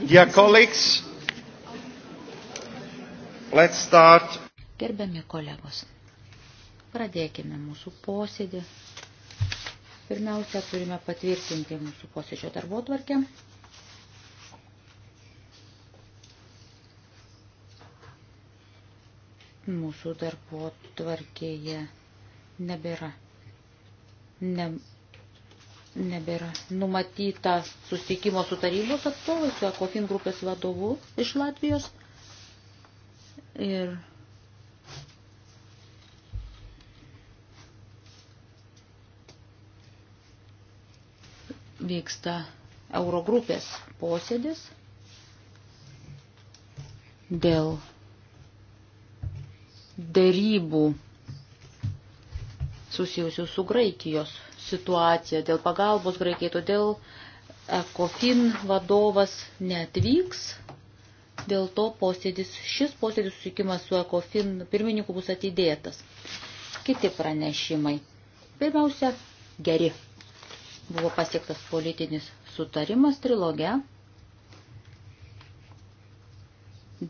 Dear colleagues, let's start. Gerbiami kolegos, pradėkime mūsų posėdį. Pirmiausia, turime patvirtinti mūsų posėdžio darbo tvarkę. Mūsų darbo tvarkėje nebėra ne, nebėra numatyta susitikimo su tarybos atstovais, su Akofin grupės vadovu iš Latvijos. Ir vyksta Eurogrupės posėdis dėl dėrybų susijusių su Graikijos situaciją, dėl pagalbos Graikijai, todėl ECOFIN vadovas netvyks. Dėl to posėdis, šis posėdis susikimas su ECOFIN pirmininku bus atidėtas. Kiti pranešimai. Pirmiausia, geri. Buvo pasiektas politinis sutarimas triloge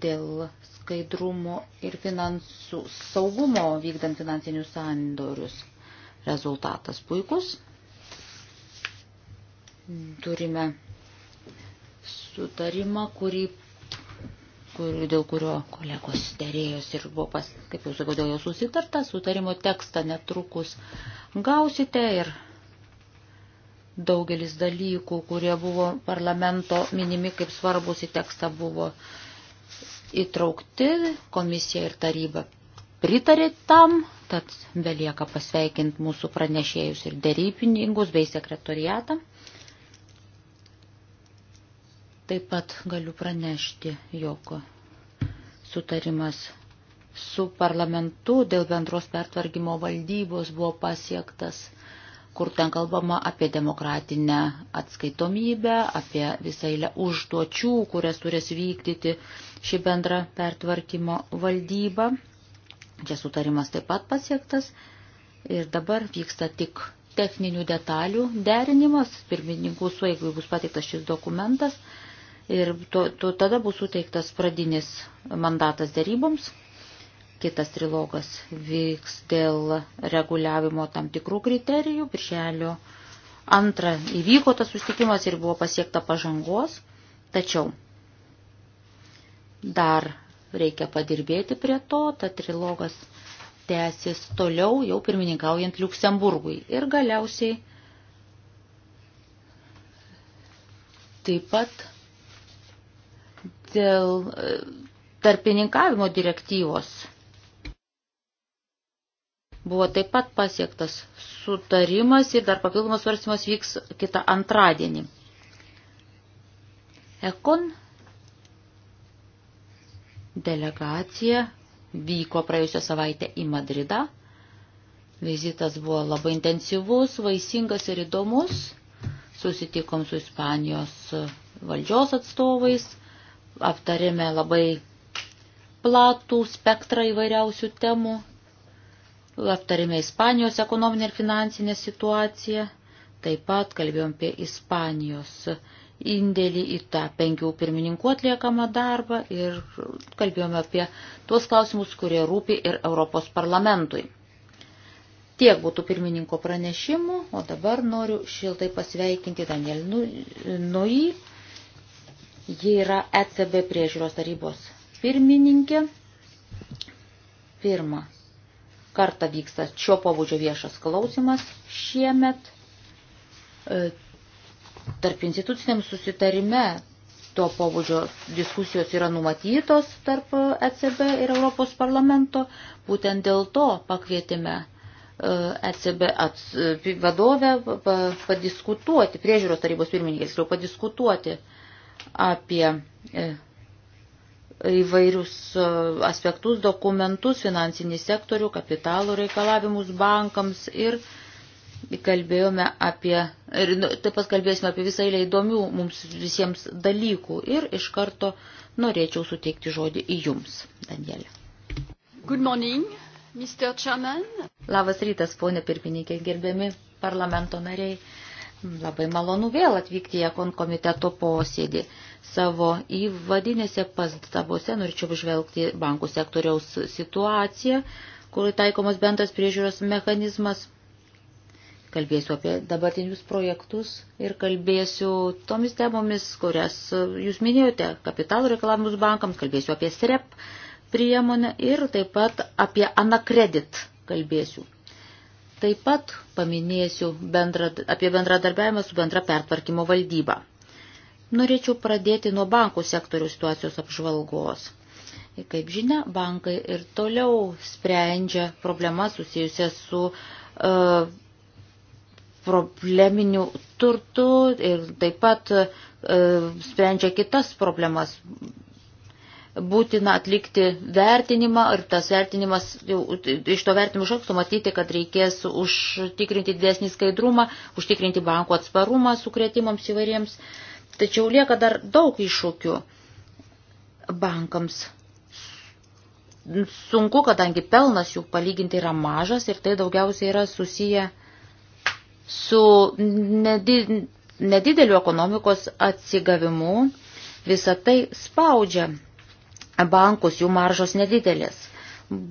dėl skaidrumo ir finansų saugumo vykdant finansinius sandorius. Rezultatas puikus. Turime sutarimą, kurį, kur, dėl kurio kolegos dėrėjos ir buvo, pas, kaip jau sakiau, dėl jo susitarta. Sutarimo tekstą netrukus gausite ir daugelis dalykų, kurie buvo parlamento minimi kaip svarbus į tekstą buvo įtraukti, komisija ir taryba pritarė tam, tad belieka pasveikinti mūsų pranešėjus ir dėrybininkus bei sekretoriatą. Taip pat galiu pranešti, jog sutarimas su parlamentu dėl bendros pertvarkymo valdybos buvo pasiektas, kur ten kalbama apie demokratinę atskaitomybę, apie visą eilę užduočių, kurias turės vykdyti ši bendra pertvarkymo valdyba. Čia sutarimas taip pat pasiektas ir dabar vyksta tik techninių detalių derinimas, pirmininkų suėgui bus pateiktas šis dokumentas ir to, to, tada bus suteiktas pradinis mandatas deryboms. Kitas trilogas vyks dėl reguliavimo tam tikrų kriterijų. Birželio antrą įvyko tas sustikimas ir buvo pasiekta pažangos, tačiau dar reikia padirbėti prie to, tad trilogas tęsis toliau, jau pirmininkaujant Luksemburgui. Ir galiausiai taip pat dėl e, tarpininkavimo direktyvos buvo taip pat pasiektas sutarimas ir dar papildomas svarstymas vyks kitą antradienį. Ekon Delegacija vyko praėjusią savaitę į Madridą. Vizitas buvo labai intensyvus, vaisingas ir įdomus. Susitikom su Ispanijos valdžios atstovais, aptarėme labai platų spektrą įvairiausių temų, aptarėme Ispanijos ekonominę ir finansinę situaciją, taip pat kalbėjom apie Ispanijos indėlį į tą penkių pirmininkų atliekamą darbą ir kalbėjome apie tuos klausimus, kurie rūpi ir Europos parlamentui. Tiek būtų pirmininko pranešimų, o dabar noriu šiltai pasveikinti Daniel nu- Nui. Ji yra ECB priežiūros tarybos pirmininkė. Pirmą kartą vyksta šio pobūdžio viešas klausimas šiemet e, Tarp instituciniam susitarime to pobūdžio diskusijos yra numatytos tarp ECB ir Europos parlamento. Būtent dėl to pakvietėme ECB e ats, e, vadovę padiskutuoti, priežiūros tarybos pirmininkės, jau padiskutuoti apie e, įvairius aspektus, dokumentus, finansinį sektorių, kapitalo reikalavimus bankams ir uh, kalbėjome apie, ir nu, taip pat kalbėsime apie visą eilę įdomių mums visiems dalykų ir iš karto norėčiau suteikti žodį į jums, Danielė. Good morning, Mr. Chairman. Labas rytas, ponė pirmininkė, gerbiami parlamento nariai. Labai malonu vėl atvykti į Ekon komiteto posėdį. Savo įvadinėse pastabose norėčiau žvelgti bankų sektoriaus situaciją, kur taikomas bendras priežiūros mechanizmas Kalbėsiu apie dabartinius projektus ir kalbėsiu tomis temomis, kurias jūs minėjote, kapitalų reikalavimus bankams, kalbėsiu apie SREP priemonę ir taip pat apie anakredit kalbėsiu. Taip pat paminėsiu bendra, apie bendradarbiavimą su bendra pertvarkymo valdyba. Norėčiau pradėti nuo bankų sektorių situacijos apžvalgos. Kaip žinia, bankai ir toliau sprendžia problemas susijusias su uh, probleminių turtų ir taip pat e, sprendžia kitas problemas. Būtina atlikti vertinimą ir tas vertinimas, jau, iš to vertinimo šakto matyti, kad reikės užtikrinti didesnį skaidrumą, užtikrinti bankų atsparumą sukretimams įvairiems. Tačiau lieka dar daug iššūkių bankams sunku, kadangi pelnas jų palyginti yra mažas ir tai daugiausiai yra susiję su nedideliu ekonomikos atsigavimu visą tai spaudžia bankus, jų maržos nedidelės.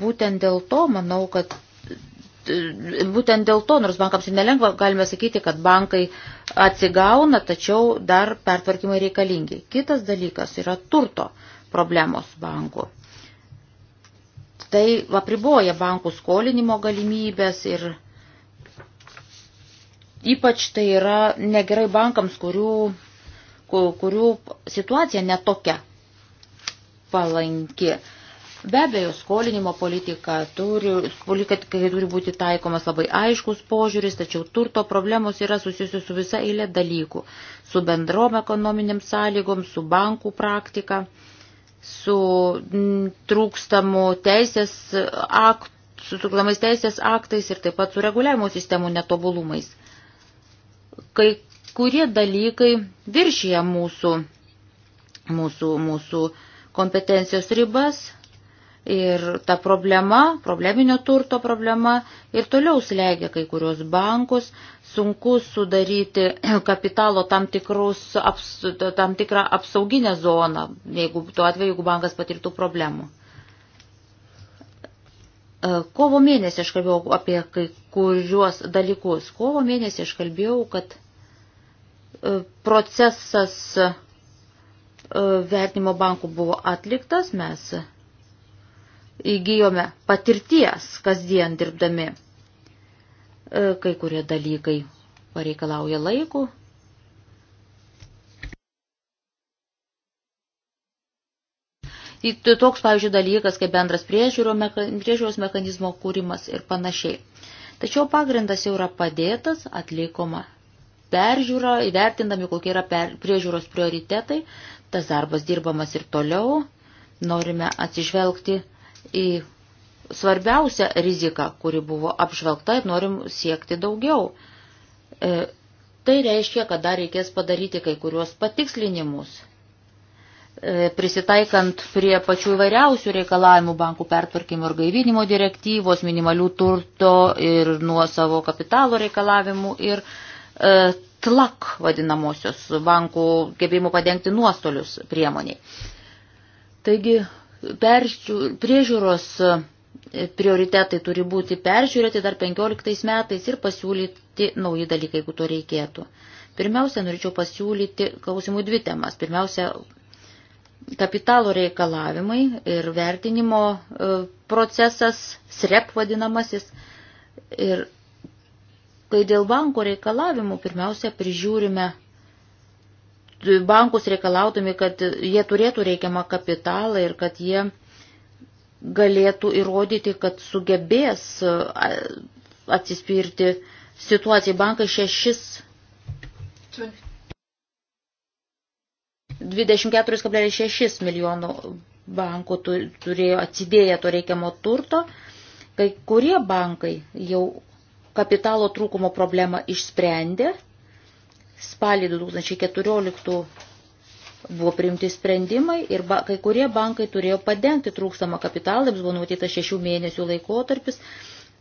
Būtent dėl to, manau, kad būtent dėl to, nors bankams ir nelengva, galime sakyti, kad bankai atsigauna, tačiau dar pertvarkymai reikalingi. Kitas dalykas yra turto problemos bankų. Tai apriboja bankų skolinimo galimybės ir Ypač tai yra negerai bankams, kurių, kurių situacija netokia palanki. Be abejo, skolinimo politika turi, politikai turi būti taikomas labai aiškus požiūris, tačiau turto problemos yra susijusios su visa eilė dalykų - su bendrom ekonominiam sąlygom, su bankų praktika, su trūkstamu teisės aktų su trukdomais teisės aktais ir taip pat su reguliavimo sistemų netobulumais kai kurie dalykai viršyje mūsų, mūsų, mūsų kompetencijos ribas ir ta problema, probleminio turto problema ir toliau slegia kai kurios bankus, sunku sudaryti kapitalo tam, tikrus, aps, tam tikrą apsauginę zoną, jeigu tuo atveju, jeigu bankas patirtų problemų. E, kovo mėnesį aš kalbėjau apie kai kuriuos dalykus. Kovo mėnesį aš kalbėjau, kad E, procesas e, vertinimo bankų buvo atliktas, mes įgyjome patirties kasdien dirbdami. E, kai kurie dalykai pareikalauja laikų. Toks, pavyzdžiui, dalykas kaip bendras priežiūros mechanizmo kūrimas ir panašiai. Tačiau pagrindas jau yra padėtas, atlikoma peržiūrą, įvertindami, kokie yra per, priežiūros prioritetai. Tas darbas dirbamas ir toliau. Norime atsižvelgti į svarbiausią riziką, kuri buvo apžvelgta ir norim siekti daugiau. E, tai reiškia, kad dar reikės padaryti kai kuriuos patikslinimus, e, prisitaikant prie pačių įvairiausių reikalavimų bankų pertvarkymo ir gaivinimo direktyvos, minimalių turto ir nuo savo kapitalo reikalavimų ir e, E, tlak vadinamosios bankų gebėjimų padengti nuostolius priemoniai. Taigi priežiūros prioritetai turi būti peržiūrėti dar 15 metais ir pasiūlyti nauji dalykai, jeigu to reikėtų. Pirmiausia, norėčiau pasiūlyti klausimų dvi temas. Pirmiausia, kapitalo reikalavimai ir vertinimo e, procesas, SREP vadinamasis, ir kai dėl banko reikalavimų pirmiausia prižiūrime bankus reikalaudami, kad jie turėtų reikiamą kapitalą ir kad jie galėtų įrodyti, kad sugebės atsispirti situacijai. Bankai šešis 24,6 milijonų bankų turėjo atsidėję to reikiamo turto. Kai kurie bankai jau kapitalo trūkumo problemą išsprendė. Spalį 2014 buvo priimti sprendimai ir ba, kai kurie bankai turėjo padengti trūkstamą kapitalą, jiems buvo numatyta šešių mėnesių laikotarpis,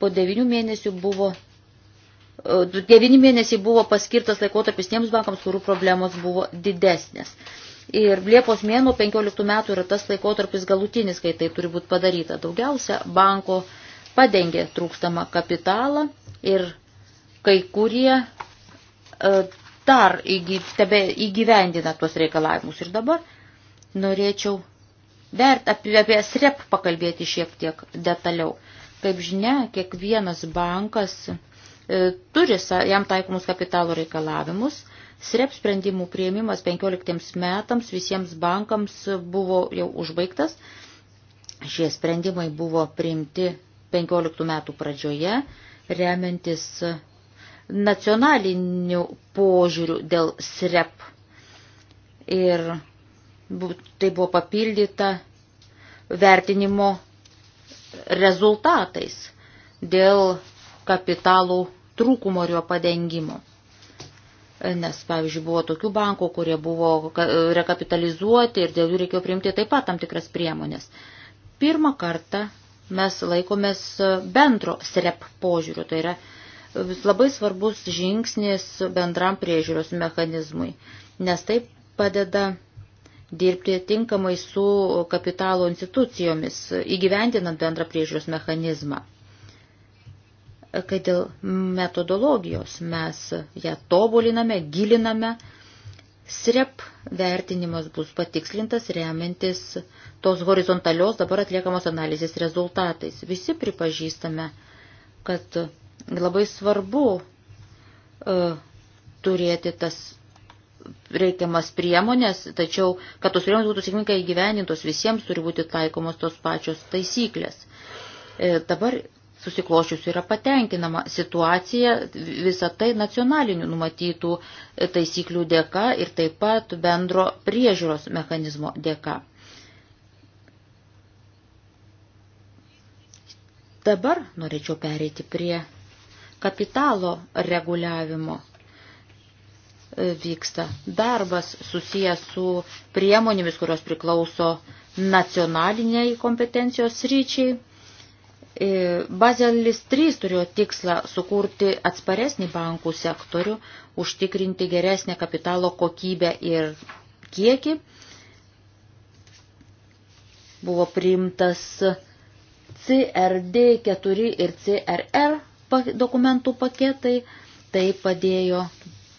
po devinių mėnesių buvo, e, devini mėnesiai buvo paskirtas laikotarpis tiems bankams, kurių problemos buvo didesnės. Ir Liepos mėnuo 15 metų yra tas laikotarpis galutinis, kai tai turi būti padaryta. Daugiausia banko padengė trūkstamą kapitalą Ir kai kurie e, dar tebe įgyvendina tuos reikalavimus. Ir dabar norėčiau dar apie, apie SREP pakalbėti šiek tiek detaliau. Kaip žinia, kiekvienas bankas e, turi jam taikomus kapitalo reikalavimus. SREP sprendimų prieimimas 15 metams visiems bankams buvo jau užbaigtas. Šie sprendimai buvo priimti 15 metų pradžioje remiantis nacionaliniu požiūriu dėl SREP. Ir tai buvo papildyta vertinimo rezultatais dėl kapitalų trūkumo ir jo padengimo. Nes, pavyzdžiui, buvo tokių bankų, kurie buvo rekapitalizuoti ir dėl jų reikėjo priimti taip pat tam tikras priemonės. Pirmą kartą mes laikomės bendro SREP požiūrių, tai yra labai svarbus žingsnis bendram priežiūros mechanizmui, nes tai padeda dirbti tinkamai su kapitalo institucijomis, įgyvendinant bendrą priežiūros mechanizmą. Kai dėl metodologijos mes ją tobuliname, giliname, SREP vertinimas bus patikslintas remiantis tos horizontalios dabar atliekamos analizės rezultatais. Visi pripažįstame, kad labai svarbu uh, turėti tas reikiamas priemonės, tačiau, kad tos priemonės būtų sėkmingai įgyvenintos, visiems turi būti taikomos tos pačios taisyklės. E, dabar susiklošiusių yra patenkinama situacija visą tai nacionalinių numatytų taisyklių dėka ir taip pat bendro priežiūros mechanizmo dėka. Dabar norėčiau pereiti prie kapitalo reguliavimo. Vyksta darbas susijęs su priemonėmis, kurios priklauso nacionaliniai kompetencijos ryčiai E, Bazelis 3 turėjo tikslą sukurti atsparesnį bankų sektorių, užtikrinti geresnę kapitalo kokybę ir kiekį. Buvo priimtas CRD 4 ir CRR dokumentų paketai. Tai padėjo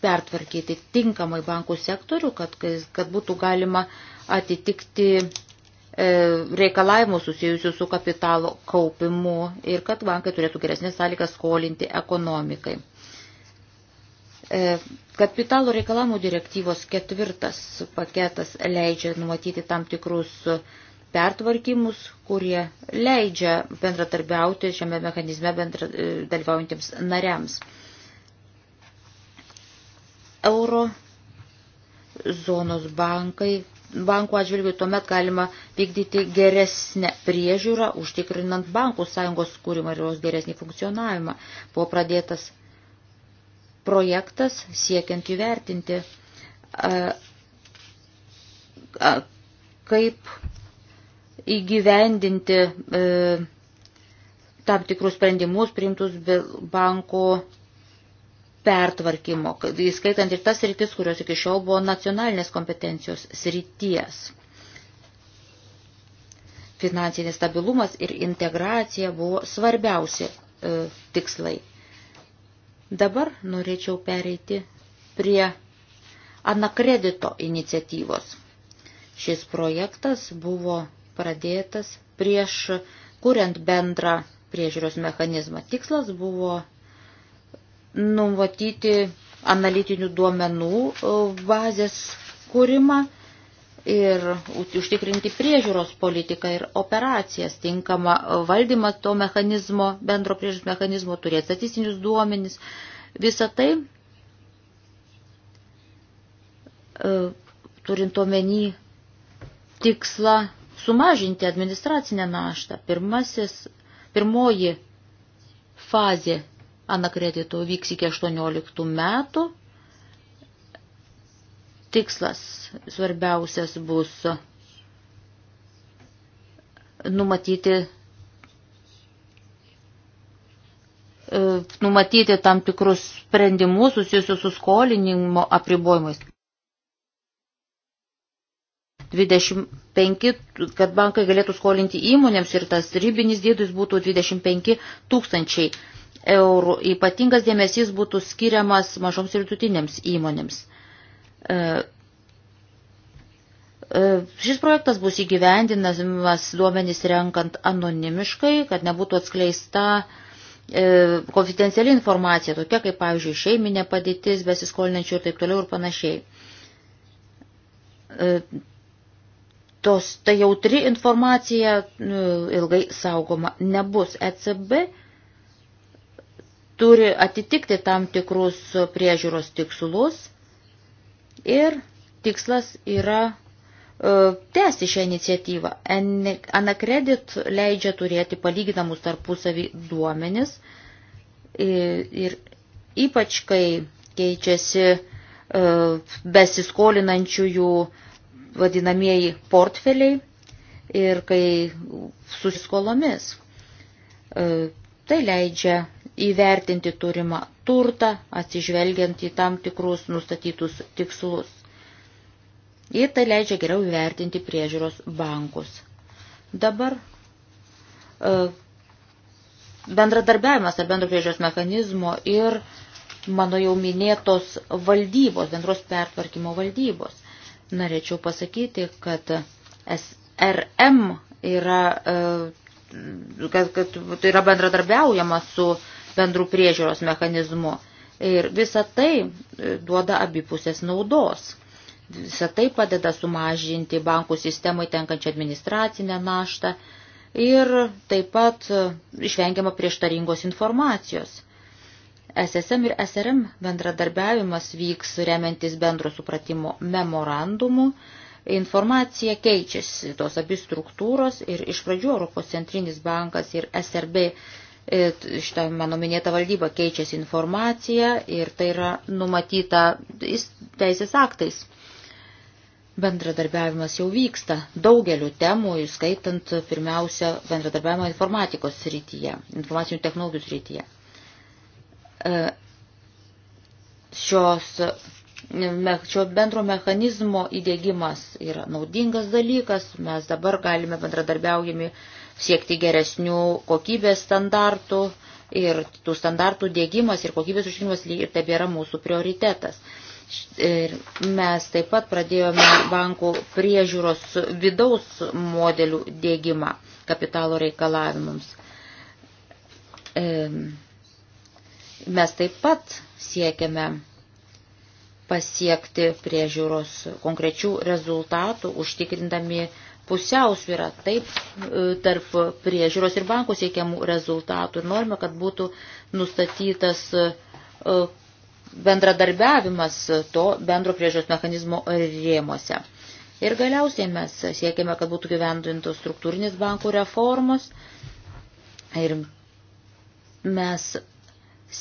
pertvarkyti tinkamai bankų sektorių, kad, kad būtų galima atitikti E, reikalavimų susijusių su kapitalo kaupimu ir kad bankai turėtų geresnės sąlygas skolinti ekonomikai. E, kapitalo reikalavimų direktyvos ketvirtas paketas leidžia numatyti tam tikrus pertvarkymus, kurie leidžia bendratarbiauti šiame mechanizme bendra, e, dalyvaujantiems nariams. Euro zonos bankai bankų atžvilgių, tuomet galima vykdyti geresnę priežiūrą, užtikrinant bankų sąjungos kūrimą ir jos geresnį funkcionavimą. Buvo pradėtas projektas siekiant įvertinti, kaip įgyvendinti e, tam tikrus sprendimus priimtus banko pertvarkymo, įskaitant ir tas rytis, kurios iki šiol buvo nacionalinės kompetencijos srities. Finansinis stabilumas ir integracija buvo svarbiausi e, tikslai. Dabar norėčiau pereiti prie anakredito iniciatyvos. Šis projektas buvo pradėtas prieš kuriant bendrą priežiūros mechanizmą. Tikslas buvo numatyti analitinių duomenų e, bazės kūrimą ir užtikrinti priežiūros politiką ir operacijas, tinkamą valdymą to mechanizmo, bendro priežiūros mechanizmo, turėti statistinius duomenis. Visą tai, e, turint omeny tikslą sumažinti administracinę naštą, pirmasis, pirmoji fazė anakredito vyks iki 18 metų. Tikslas svarbiausias bus numatyti, e, numatyti tam tikrus sprendimus susijusius su skolinimo apribojimais. 25, kad bankai galėtų skolinti įmonėms ir tas ribinis dydis būtų 25 tūkstančiai eurų. Ypatingas dėmesys būtų skiriamas mažoms ir vidutinėms įmonėms. E, e, šis projektas bus įgyvendinamas duomenys renkant anonimiškai, kad nebūtų atskleista e, konfidenciali informacija, tokia kaip, pavyzdžiui, šeiminė padėtis, besiskolinančių ir taip toliau ir panašiai. Tos, ta jautri informacija ilgai saugoma nebus. ECB turi atitikti tam tikrus priežiūros tikslus ir tikslas yra e, tęsti šią iniciatyvą. Anakredit leidžia turėti palyginamus tarpusavį duomenis e, ir ypač kai keičiasi e, besiskolinančiųjų vadinamieji portfeliai ir kai susiskolomis. Tai leidžia įvertinti turimą turtą, atsižvelgiant į tam tikrus nustatytus tikslus. Ir tai leidžia geriau įvertinti priežiūros bankus. Dabar e, bendradarbiavimas ar bendro priežiūros mechanizmo ir mano jau minėtos valdybos, bendros pertvarkymo valdybos. Norėčiau pasakyti, kad SRM yra, e, kad, kad tai yra bendradarbiaujama su e, bendrų priežiūros mechanizmu. Ir visa tai e, duoda abipusės naudos. Visa tai padeda sumažinti bankų sistemai tenkančią administracinę naštą ir taip pat e, išvengiama prieštaringos informacijos. SSM ir SRM bendradarbiavimas vyks remiantis bendro supratimo memorandumu. Informacija keičiasi tos abi struktūros ir iš pradžių Europos centrinis bankas ir SRB šitą mano minėtą valdybą keičiasi informacija ir tai yra numatyta teisės aktais. Bendradarbiavimas jau vyksta daugeliu temų, skaitant pirmiausia bendradarbiavimo informatikos srityje, informacinių technologijų srityje. E, šios, šio bendro mechanizmo įdėgymas yra naudingas dalykas, mes dabar galime bendradarbiaujami siekti geresnių kokybės standartų ir tų standartų dėgymas ir kokybės užtikrinimas ir tebėra mūsų prioritetas. Ir mes taip pat pradėjome bankų priežiūros vidaus modelių dėgymą kapitalo reikalavimams. Mes taip pat siekiame pasiekti priežiūros konkrečių rezultatų, užtikrindami uh, pusiausvyrą taip e, tarp priežiūros ir bankų siekiamų rezultatų ir norime, kad būtų nustatytas e, e, bendradarbiavimas to bendro priežiūros mechanizmo rėmuose. Ir galiausiai mes siekiame, kad būtų gyvendintos struktūrinės bankų reformos ir mes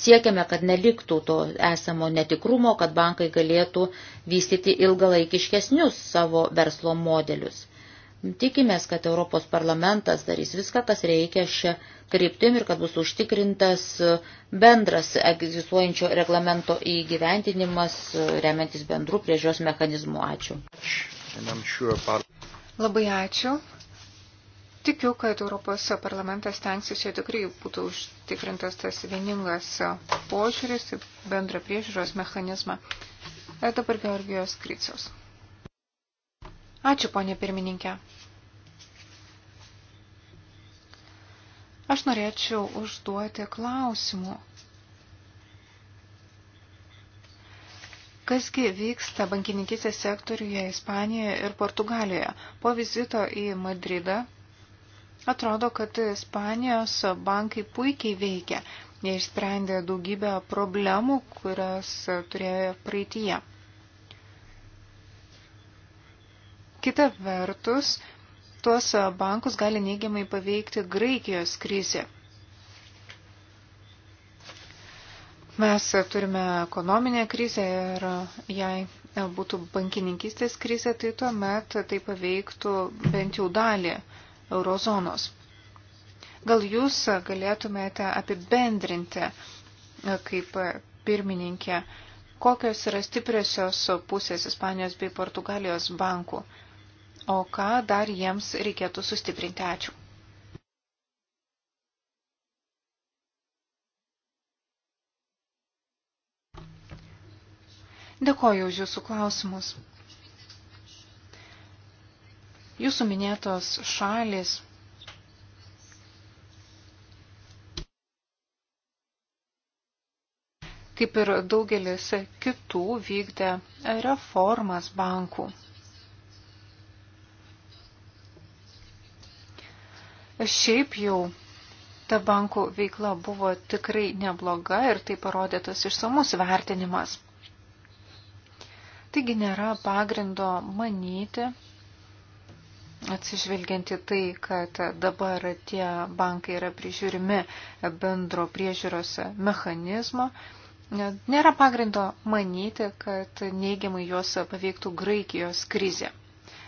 siekiame, kad neliktų to esamo netikrumo, kad bankai galėtų vystyti ilgalaikiškesnius savo verslo modelius. Tikimės, kad Europos parlamentas darys viską, kas reikia šią kryptim ir kad bus užtikrintas bendras egzistuojančio reglamento įgyventinimas, remiantis bendrų priežios mechanizmų. Ačiū. Labai ačiū. Tikiu, kad Europos parlamentas tenksis čia tikrai būtų užtikrintas tas vieningas požiūris į bendrą priežiūros mechanizmą. Ir e, dabar Georgijos Kriciaus. Ačiū, ponė pirmininkė. Aš norėčiau užduoti klausimų. Kasgi vyksta bankininkysės sektoriuje Ispanijoje ir Portugalijoje? Po vizito į Madridą atrodo, kad Ispanijos bankai puikiai veikia. Jie išsprendė daugybę problemų, kurias turėjo praeitie. Kita vertus, tuos bankus gali neigiamai paveikti Graikijos krizė. Mes turime ekonominę krizę ir jei būtų bankininkistės krizė, tai tuomet tai paveiktų bent jau dalį eurozonos. Gal jūs galėtumėte apibendrinti, kaip pirmininkė, kokios yra stipriosios pusės Ispanijos bei Portugalijos bankų? o ką dar jiems reikėtų sustiprinti. Ačiū. Dėkoju už Jūsų klausimus. Jūsų minėtos šalis kaip ir daugelis kitų vykdė reformas bankų. Šiaip jau ta bankų veikla buvo tikrai nebloga ir tai parodė tas išsamus vertinimas. Taigi nėra pagrindo manyti, atsižvelgiant į tai, kad dabar tie bankai yra prižiūrimi bendro priežiūros mechanizmo, nėra pagrindo manyti, kad neigiamai juos paveiktų Graikijos krizė.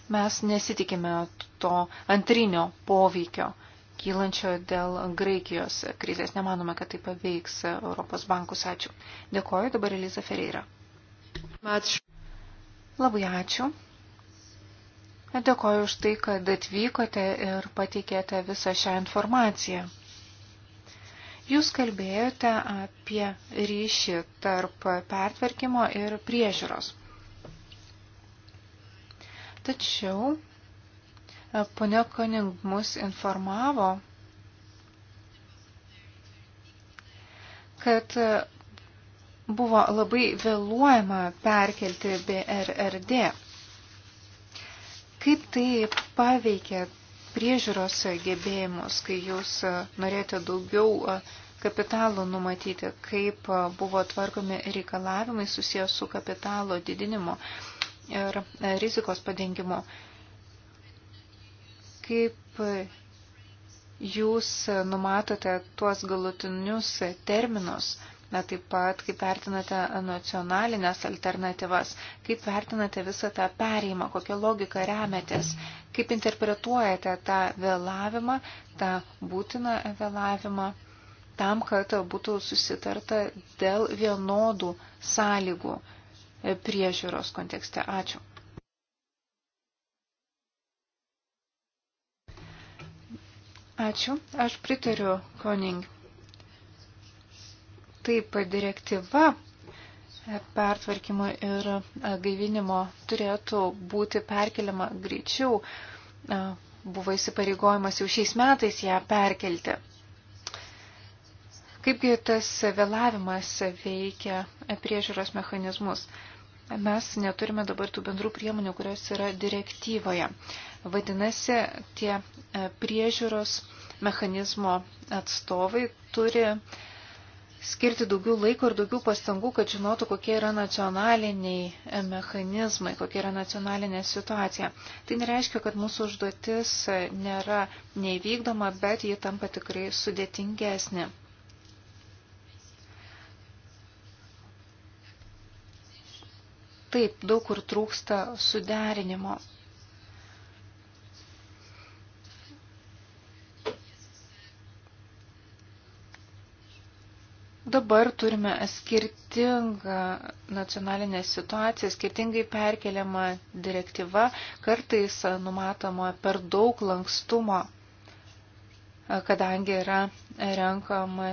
Mes nesitikime to antrinio poveikio kylančio dėl Graikijos krizės. Nemanome, kad tai paveiks Europos bankus. Ačiū. Dėkoju dabar Eliza Ferreira. Ačiū. Labai ačiū. Dėkoju už tai, kad atvykote ir pateikėte visą šią informaciją. Jūs kalbėjote apie ryšį tarp pertvarkymo ir priežiūros. Tačiau e, ponia Koning mus informavo, kad e, buvo labai vėluojama perkelti BRRD. Kaip tai paveikė priežiūros gebėjimus, kai jūs e, norėjote daugiau kapitalo numatyti, kaip buvo tvarkomi reikalavimai susijęs su kapitalo didinimu, ir e, rizikos padengimu. Kaip jūs numatote tuos galutinius terminus, na taip pat kaip vertinate nacionalinės alternatyvas, kaip vertinate visą tą perėjimą, kokią logiką remiatės, kaip interpretuojate tą vėlavimą, tą būtiną vėlavimą, tam, kad būtų susitarta dėl vienodų sąlygų priežiūros kontekste. Ačiū. Ačiū. Aš pritariu Koning. Taip, direktyva pertvarkymo ir gaivinimo turėtų būti perkeliama greičiau. Buvo įsipareigojimas jau šiais metais ją perkelti. Kaipgi tas vėlavimas veikia priežiūros mechanizmus? Mes neturime dabar tų bendrų priemonių, kurios yra direktyvoje. Vadinasi, tie e, priežiūros mechanizmo atstovai turi skirti daugiau laiko ir daugiau pastangų, kad žinotų, kokie yra nacionaliniai e, mechanizmai, kokia yra nacionalinė situacija. Tai nereiškia, kad mūsų užduotis e, nėra neįvykdoma, bet ji tampa tikrai sudėtingesnė. Taip, daug kur trūksta suderinimo. Dabar turime skirtingą nacionalinę situaciją, skirtingai perkeliamą direktyvą, kartais numatoma per daug lankstumo, kadangi yra renkama,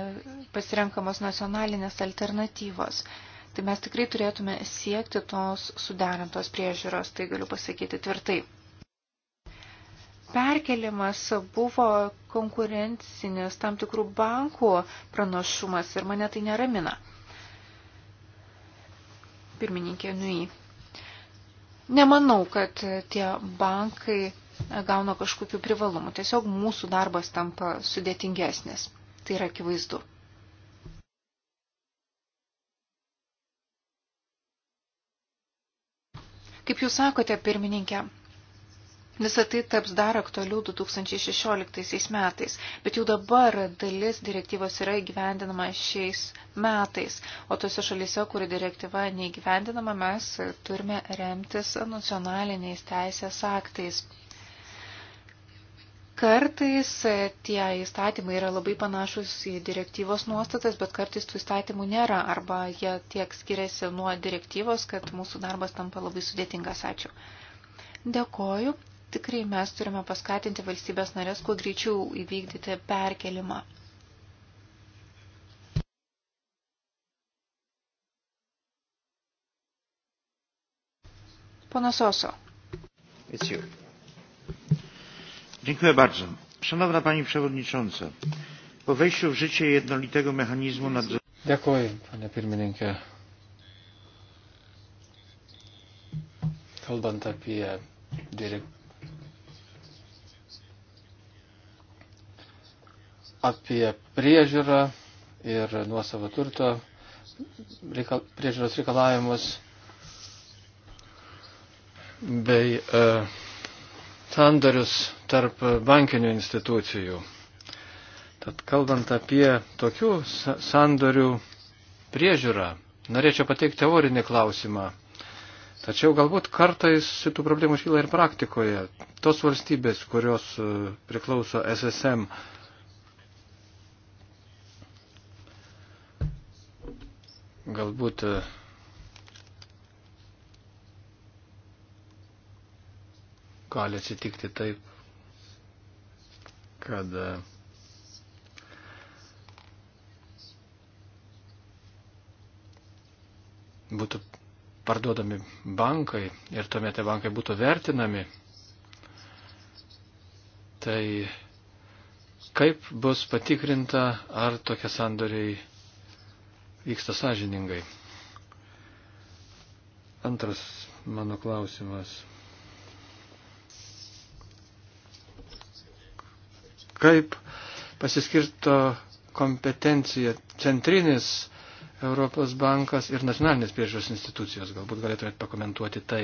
pasirenkamos nacionalinės alternatyvos. Tai mes tikrai turėtume siekti tos suderintos priežiūros, tai galiu pasakyti tvirtai. Perkelimas buvo konkurencinis tam tikrų bankų pranašumas ir mane tai neramina. Pirmininkė Nui. Nemanau, kad tie bankai gauna kažkokių privalumų. Tiesiog mūsų darbas tampa sudėtingesnis. Tai yra akivaizdu. Kaip jūs sakote, pirmininkė, visą tai taps dar aktualiau 2016 metais, bet jau dabar dalis direktyvos yra įgyvendinama šiais metais, o tose šalise, kur direktyva neįgyvendinama, mes turime remtis nacionaliniais teisės aktais. Kartais e, tie įstatymai yra labai panašus į direktyvos nuostatas, bet kartais tų įstatymų nėra arba jie tiek skiriasi nuo direktyvos, kad mūsų darbas tampa labai sudėtingas. Ačiū. Dėkoju. Tikrai mes turime paskatinti valstybės narės kuo greičiau įvykdyti perkelimą. Ponas Oso. It's you. Dziękuję bardzo. Szanowna Pani Przewodnicząca, po wejściu w życie jednolitego mechanizmu nadzoru. Dziękuję, Panie Pirmininkė. Kalbant apie direktyvą. apie priežiūrą ir nuosavo turto reikal, priežiūros reikalavimus bei e, sandorius tarp bankinių institucijų. Tad kalbant apie tokių sandorių priežiūrą, norėčiau pateikti teorinį klausimą. Tačiau galbūt kartais šitų problemų iškyla ir praktikoje. Tos valstybės, kurios e, priklauso SSM, galbūt e, gali atsitikti taip, kad e, būtų parduodami bankai ir tuomet tie bankai būtų vertinami, tai kaip bus patikrinta, ar tokie sandoriai vyksta sąžiningai. Antras mano klausimas. kaip pasiskirto kompetencija centrinis Europos bankas ir nacionalinės priežiūros institucijos. Galbūt galėtumėt pakomentuoti tai.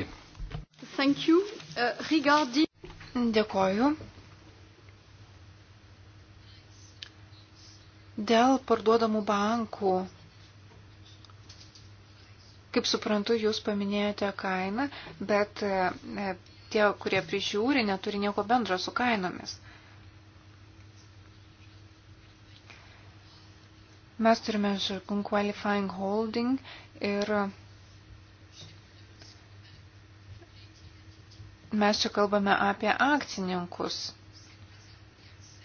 Thank you. Uh, regarding... Dėkoju. Dėl parduodamų bankų. Kaip suprantu, jūs paminėjote kainą, bet uh, tie, kurie prižiūri, neturi nieko bendro su kainomis. Uh, Mes turime žargon qualifying holding ir mes čia kalbame apie akcininkus.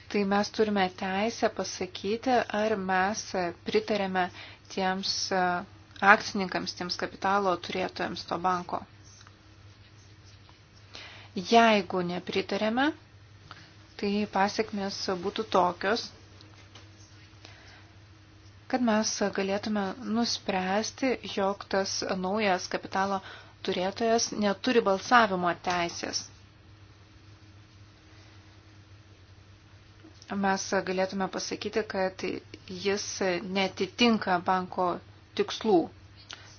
Tai mes turime teisę pasakyti, ar mes pritarėme tiems e, akcininkams, tiems kapitalo turėtojams to banko. Jeigu nepritarėme, tai pasiekmes būtų tokios, kad mes galėtume nuspręsti, jog tas naujas kapitalo turėtojas neturi balsavimo teisės. Mes galėtume pasakyti, kad jis netitinka banko tikslų.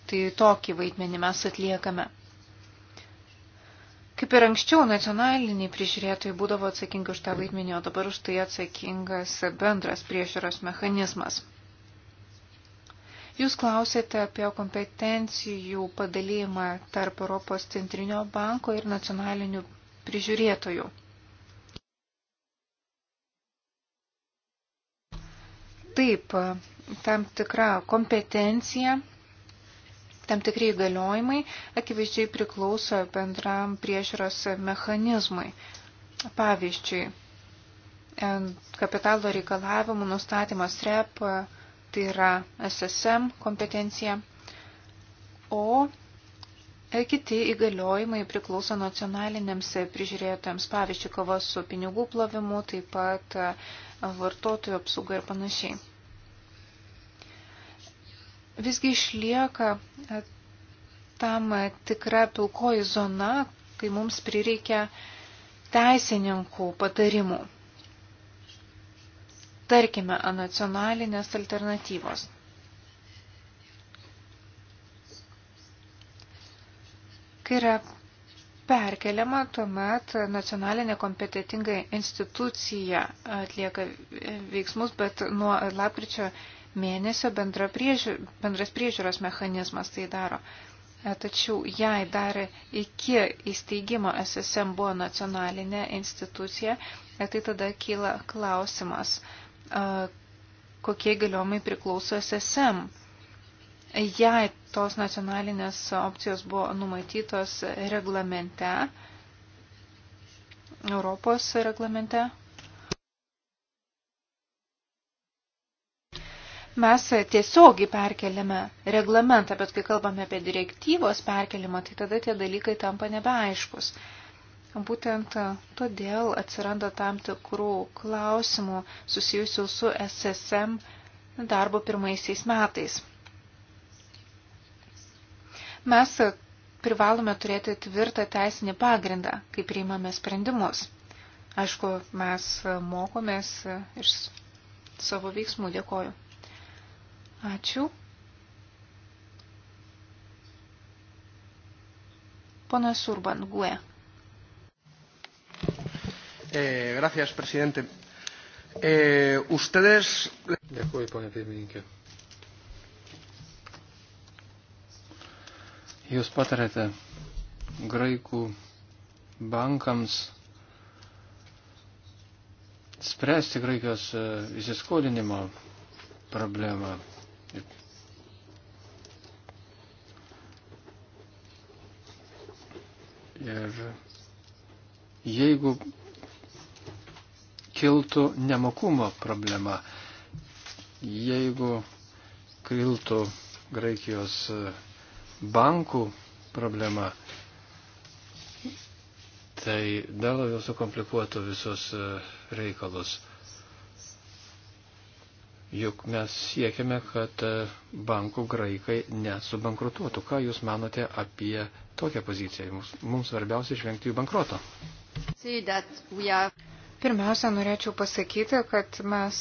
Tai tokį vaidmenį mes atliekame. Kaip ir anksčiau, nacionaliniai prižiūrėtojai būdavo atsakingi už tą vaidmenį, o dabar už tai atsakingas bendras priežiūros mechanizmas. Jūs klausėte apie kompetencijų padalymą tarp Europos centrinio banko ir nacionalinių prižiūrėtojų. Taip, tam tikra kompetencija tam tikrai įgaliojimai akivaizdžiai priklauso bendram priežiūros mechanizmui. Pavyzdžiui, kapitalo reikalavimų nustatymas REP tai yra SSM kompetencija, o kiti įgaliojimai priklauso nacionaliniams prižiūrėtojams, pavyzdžiui, kova su pinigų plovimu, taip pat vartotojų apsauga ir panašiai. Visgi išlieka tam tikra pilkoji zona, kai mums prireikia teisininkų patarimų. Tarkime, nacionalinės alternatyvos. Kai yra perkeliama, tuomet nacionalinė kompetitinga institucija atlieka veiksmus, bet nuo lapkričio mėnesio bendra priežiū, bendras priežiūros mechanizmas tai daro. E, tačiau jei dar iki įsteigimo SSM buvo nacionalinė institucija, e, tai tada kyla klausimas, kokie galiomai priklauso SSM. Jei tos nacionalinės opcijos buvo numatytos reglamente, Europos reglamente, mes tiesiogiai perkeliame reglamentą, bet kai kalbame apie direktyvos perkelimą, tai tada tie dalykai tampa nebeaiškus. Būtent e, todėl atsiranda tam tikrų klausimų susijusių su SSM darbo pirmaisiais metais. Mes privalome turėti tvirtą teisinį pagrindą, kai priimame sprendimus. Aišku, mes mokomės iš savo veiksmų. Dėkoju. Ačiū. Ponas Urban Gue. Eh, gracias, presidente. Eh, ustedes. Dėkuoju, ponė pirmininkė. Jūs patarėte graikų bankams spręsti Graikijos e, įsiskolinimo problemą. Ir jeigu kiltų nemokumo problema. Jeigu kiltų Graikijos e, bankų problema, tai dar labiau sukomplikuotų visus e, reikalus. Juk mes siekiame, kad e, bankų graikai nesubankrutuotų. Ką Jūs manote apie tokią poziciją? Mums, mums svarbiausia išvengti jų bankroto. Pirmiausia, norėčiau pasakyti, kad mes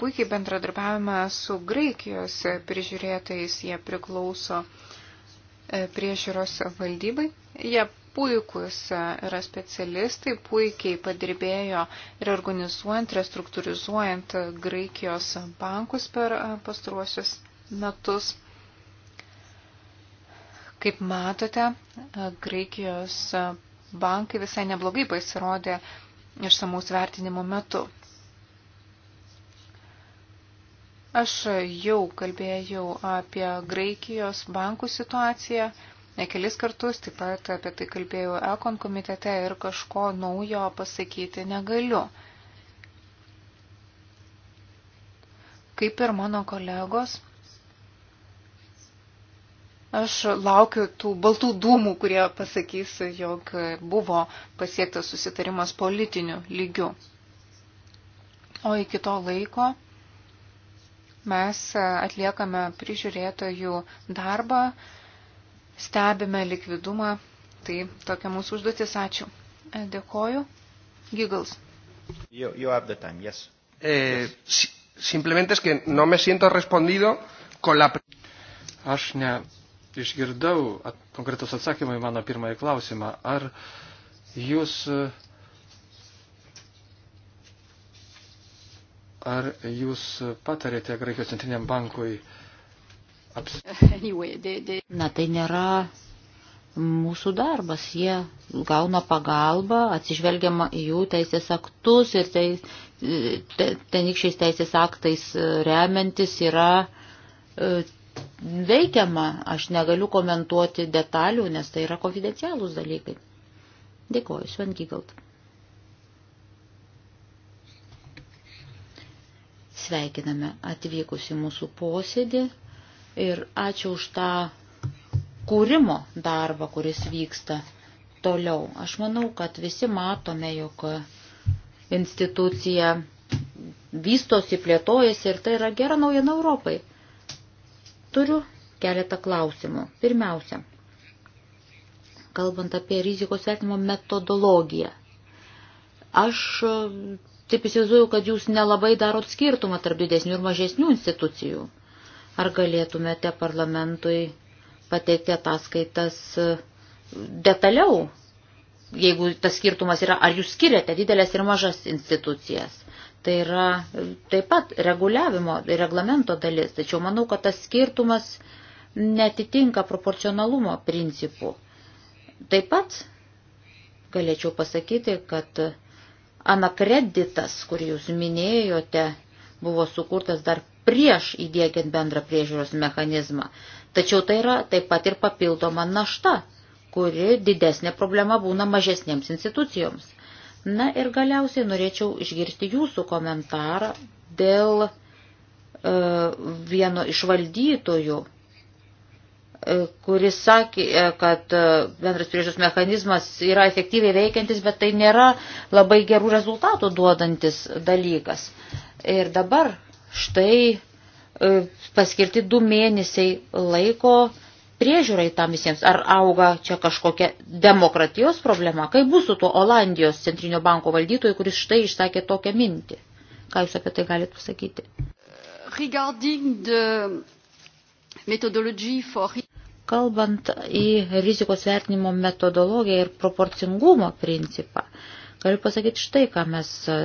puikiai bendradarbiavame su Graikijos prižiūrėtojais, jie priklauso e, priežiūros valdybai. Jie puikus e, yra specialistai, puikiai padirbėjo reorganizuojant, restruktūrizuojant Graikijos bankus per e, pastaruosius metus. Kaip matote, Graikijos bankai visai neblogai pasirodė išsamaus vertinimo metu. Aš jau kalbėjau apie Graikijos bankų situaciją ne kelis kartus, taip pat apie tai kalbėjau Ekon komitete ir kažko naujo pasakyti negaliu. Kaip ir mano kolegos, Aš laukiu tų baltų dūmų, kurie pasakys, jog buvo pasiektas susitarimas politiniu lygiu. O iki to laiko mes atliekame prižiūrėtojų darbą, stebime likvidumą. Tai tokia mūsų užduotis. Ačiū. Dėkoju. Giggles. You, you have the time, yes. Eh, yes. Simplemente es que no me siento respondido con la. Aš ne išgirdau at, konkretus atsakymai mano pirmąjį klausimą. Ar jūs, ar jūs patarėte Graikijos centriniam bankui aps... Na tai nėra mūsų darbas. Jie gauna pagalbą, atsižvelgiama į jų teisės aktus ir tai, te, tenikščiais teisės aktais remiantis yra e, veikiama. Aš negaliu komentuoti detalių, nes tai yra konfidencialūs dalykai. Dėkoju, Sven Gigalt. Sveikiname atvykusi mūsų posėdį ir ačiū už tą kūrimo darbą, kuris vyksta toliau. Aš manau, kad visi matome, jog institucija vystosi, plėtojasi ir tai yra gera naujiena Europai. Turiu keletą klausimų. Pirmiausia, kalbant apie rizikos vertinimo metodologiją. Aš e, taip įsivaizduoju, kad jūs nelabai darot skirtumą tarp didesnių ir mažesnių institucijų. Ar galėtumėte parlamentui pateikti ataskaitas e, detaliau, jeigu tas skirtumas yra, ar jūs skiriate didelės ir mažas institucijas? Tai yra taip pat reguliavimo, reglamento dalis, tačiau manau, kad tas skirtumas netitinka proporcionalumo principų. Taip pat galėčiau pasakyti, kad anakreditas, kurį jūs minėjote, buvo sukurtas dar prieš įdėkiant bendrą priežiūros mechanizmą. Tačiau tai yra taip pat ir papildoma našta, kuri didesnė problema būna mažesnėms institucijoms. Na ir galiausiai norėčiau išgirsti jūsų komentarą dėl e, vieno iš valdytojų, e, kuris sakė, e, kad e, bendras priežos mechanizmas yra efektyviai veikiantis, bet tai nėra labai gerų rezultatų duodantis dalykas. Ir dabar štai e, paskirti du mėnesiai laiko e, priežiūrai tam visiems? Ar auga čia kažkokia demokratijos problema? Kaip bus su tuo Olandijos centrinio banko valdytoju, kuris štai išsakė tokią mintį? Ką jūs apie tai galite pasakyti? For... Kalbant į rizikos vertinimo metodologiją ir proporcingumo principą, galiu pasakyti štai, ką mes e,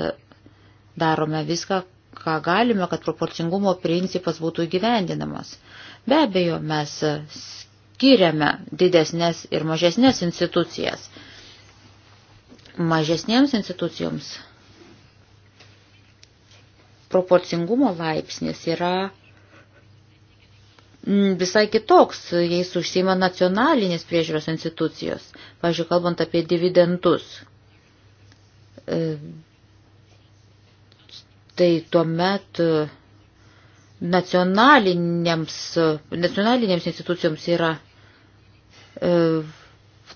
darome viską, ką galime, kad proporcingumo principas būtų įgyvendinamas. Be abejo, mes skiriame didesnės ir mažesnės institucijas. Mažesnėms institucijoms proporcingumo laipsnis yra mm, visai kitoks, jais užsima nacionalinės priežiūros institucijos. Pavyzdžiui, kalbant apie dividendus, e, tai tuomet e, nacionalinėms, nacionalinėms institucijoms yra E,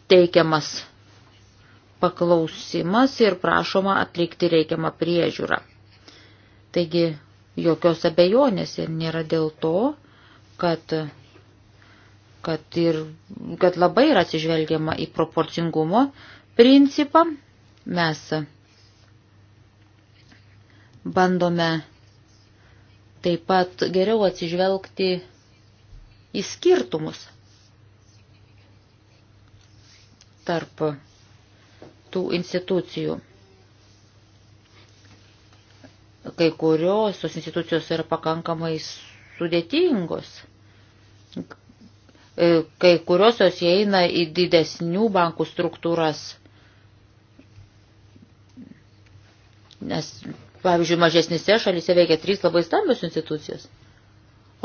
teikiamas paklausimas ir prašoma atlikti reikiamą priežiūrą. Taigi jokios abejonės ir nėra dėl to, kad, kad, ir, kad labai yra atsižvelgiama į proporcingumo principą. Mes bandome taip pat geriau atsižvelgti į skirtumus tarp tų institucijų. Kai kurios tos institucijos yra pakankamai sudėtingos. Kai kurios jos įeina į didesnių bankų struktūras. Nes, pavyzdžiui, mažesnėse šalyse veikia trys labai stambios institucijos.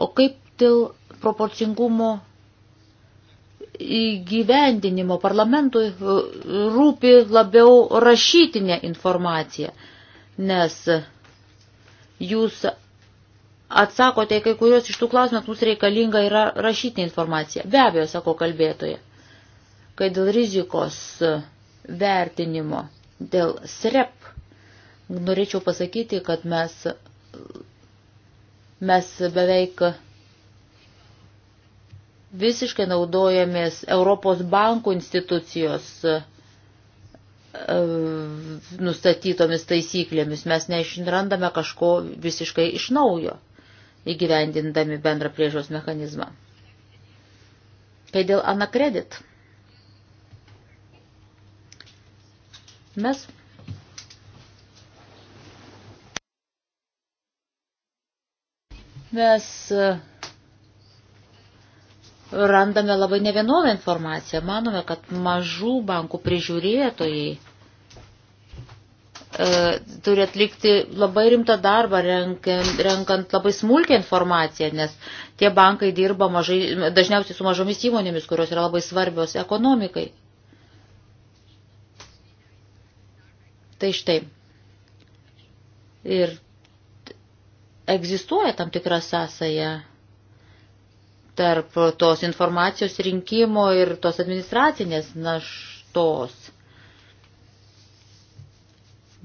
O kaip dėl proporcingumo įgyvendinimo parlamentui e, rūpi labiau rašytinė informacija, nes jūs atsakote, kai kurios iš tų klausimų mums reikalinga yra rašytinė informacija. Be abejo, sako kalbėtoje, kai dėl rizikos vertinimo, dėl SREP, norėčiau pasakyti, kad mes, mes beveik visiškai naudojamės Europos bankų institucijos e, nustatytomis taisyklėmis. Mes neišrandame kažko visiškai iš naujo, įgyvendindami bendrą priežiūros mechanizmą. Kai dėl anakredit, mes mes e, randame labai nevienodą informaciją. Manome, kad mažų bankų prižiūrėtojai e, turi atlikti labai rimtą darbą, renkant, renkant labai smulkę informaciją, nes tie bankai dirba mažai, dažniausiai su mažomis įmonėmis, kurios yra labai svarbios ekonomikai. Tai štai. Ir egzistuoja tam tikra sąsaja tarp tos informacijos rinkimo ir tos administracinės naštos.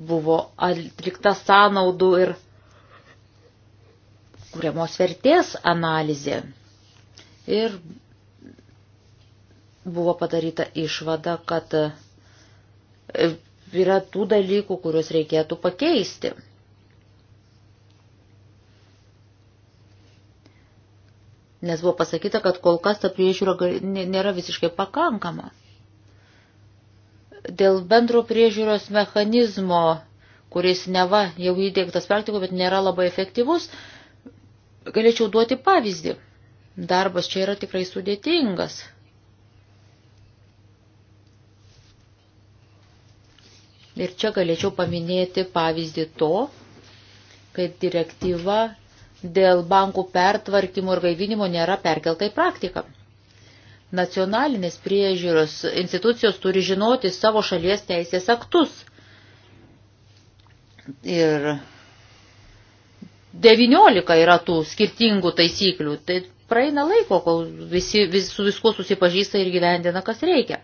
Buvo atlikta sąnaudų ir kuriamos vertės analizė. Ir buvo padaryta išvada, kad yra tų dalykų, kuriuos reikėtų pakeisti. nes buvo pasakyta, kad kol kas ta priežiūra nėra visiškai pakankama. Dėl bendro priežiūros mechanizmo, kuris neva jau įdėktas praktikoje, bet nėra labai efektyvus, galėčiau duoti pavyzdį. Darbas čia yra tikrai sudėtingas. Ir čia galėčiau paminėti pavyzdį to, kad direktyva dėl bankų pertvarkymų ir gaivinimo nėra perkelta į praktiką. Nacionalinės priežiūros institucijos turi žinoti savo šalies teisės aktus. Ir 19 yra tų skirtingų taisyklių. Tai praeina laiko, kol visi vis, su viskuo susipažįsta ir gyvendina, kas reikia.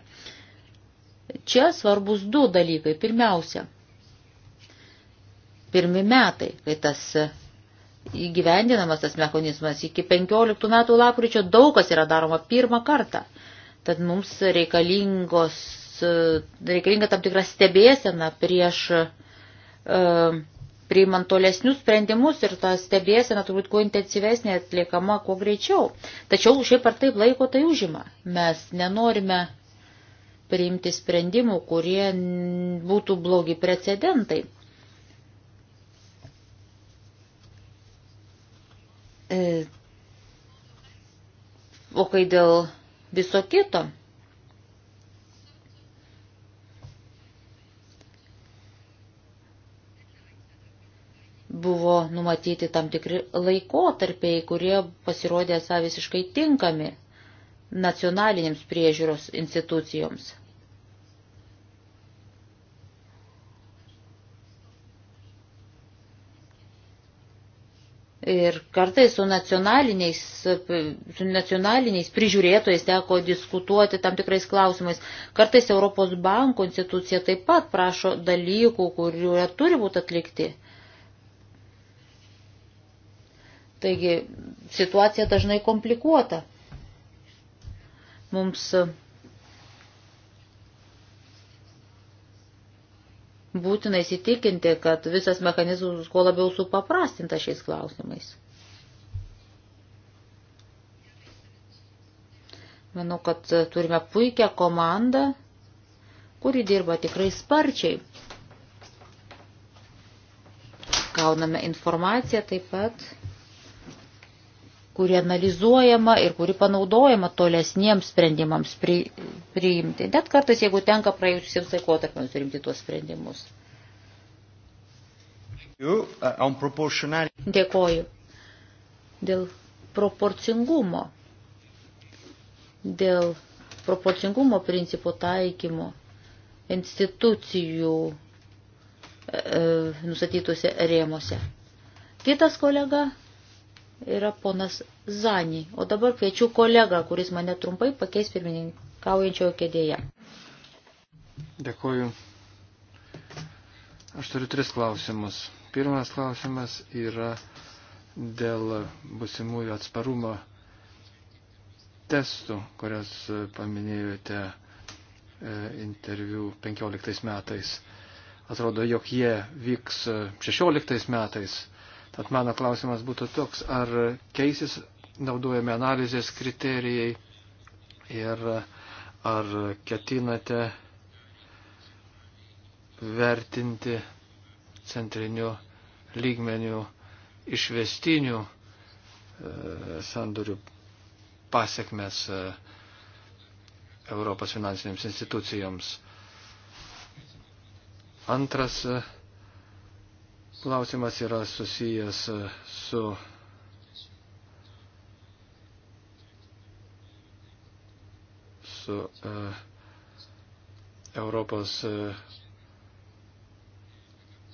Čia svarbus du dalykai. Pirmiausia, pirmi metai, kai tas įgyvendinamas tas mechanizmas. Iki 15 metų lapkričio daug kas yra daroma pirmą kartą. Tad mums reikalingos, reikalinga tam tikra stebėsena prieš uh, priimant tolesnius sprendimus ir ta stebėsena turbūt kuo intensyvesnė atliekama, kuo greičiau. Tačiau šiaip ar taip laiko tai užima. Mes nenorime priimti sprendimų, kurie būtų blogi precedentai. E, o kai dėl viso kito, buvo numatyti tam tikri laikotarpiai, kurie pasirodė esą visiškai tinkami nacionalinėms priežiūros institucijoms. Ir kartais su nacionaliniais, su nacionaliniais prižiūrėtojais teko diskutuoti tam tikrais klausimais. Kartais Europos banko institucija taip pat prašo dalykų, kurių turi būti atlikti. Taigi situacija dažnai komplikuota. Mums būtina įsitikinti, kad visas mechanizmas kuo labiau supaprastinta šiais klausimais. Manau, kad turime puikią komandą, kuri dirba tikrai sparčiai. Gauname informaciją taip pat kuri analizuojama ir kuri panaudojama tolesniems sprendimams pri, priimti. Net kartais, jeigu tenka praėjusiems laikotarpiams priimti tuos sprendimus. Dėkoju. Dėl proporcingumo. Dėl proporcingumo principų taikymo institucijų e, e nusatytuose rėmose. Kitas kolega yra ponas Zanį. O dabar kviečiu kolegą, kuris mane trumpai pakeis pirmininkaujančiojo kėdėje. Dėkuoju. Aš turiu tris klausimus. Pirmas klausimas yra dėl busimųjų atsparumo testų, kurias paminėjote e, interviu 15 metais. Atrodo, jog jie vyks 16 metais Tad mano klausimas būtų toks, ar keisis naudojami analizės kriterijai ir ar ketinate vertinti centrinių lygmenių išvestinių e, sandorių pasiekmes e, Europos finansinėms institucijoms. Antras e, Klausimas yra susijęs e, su su uh, Europos uh,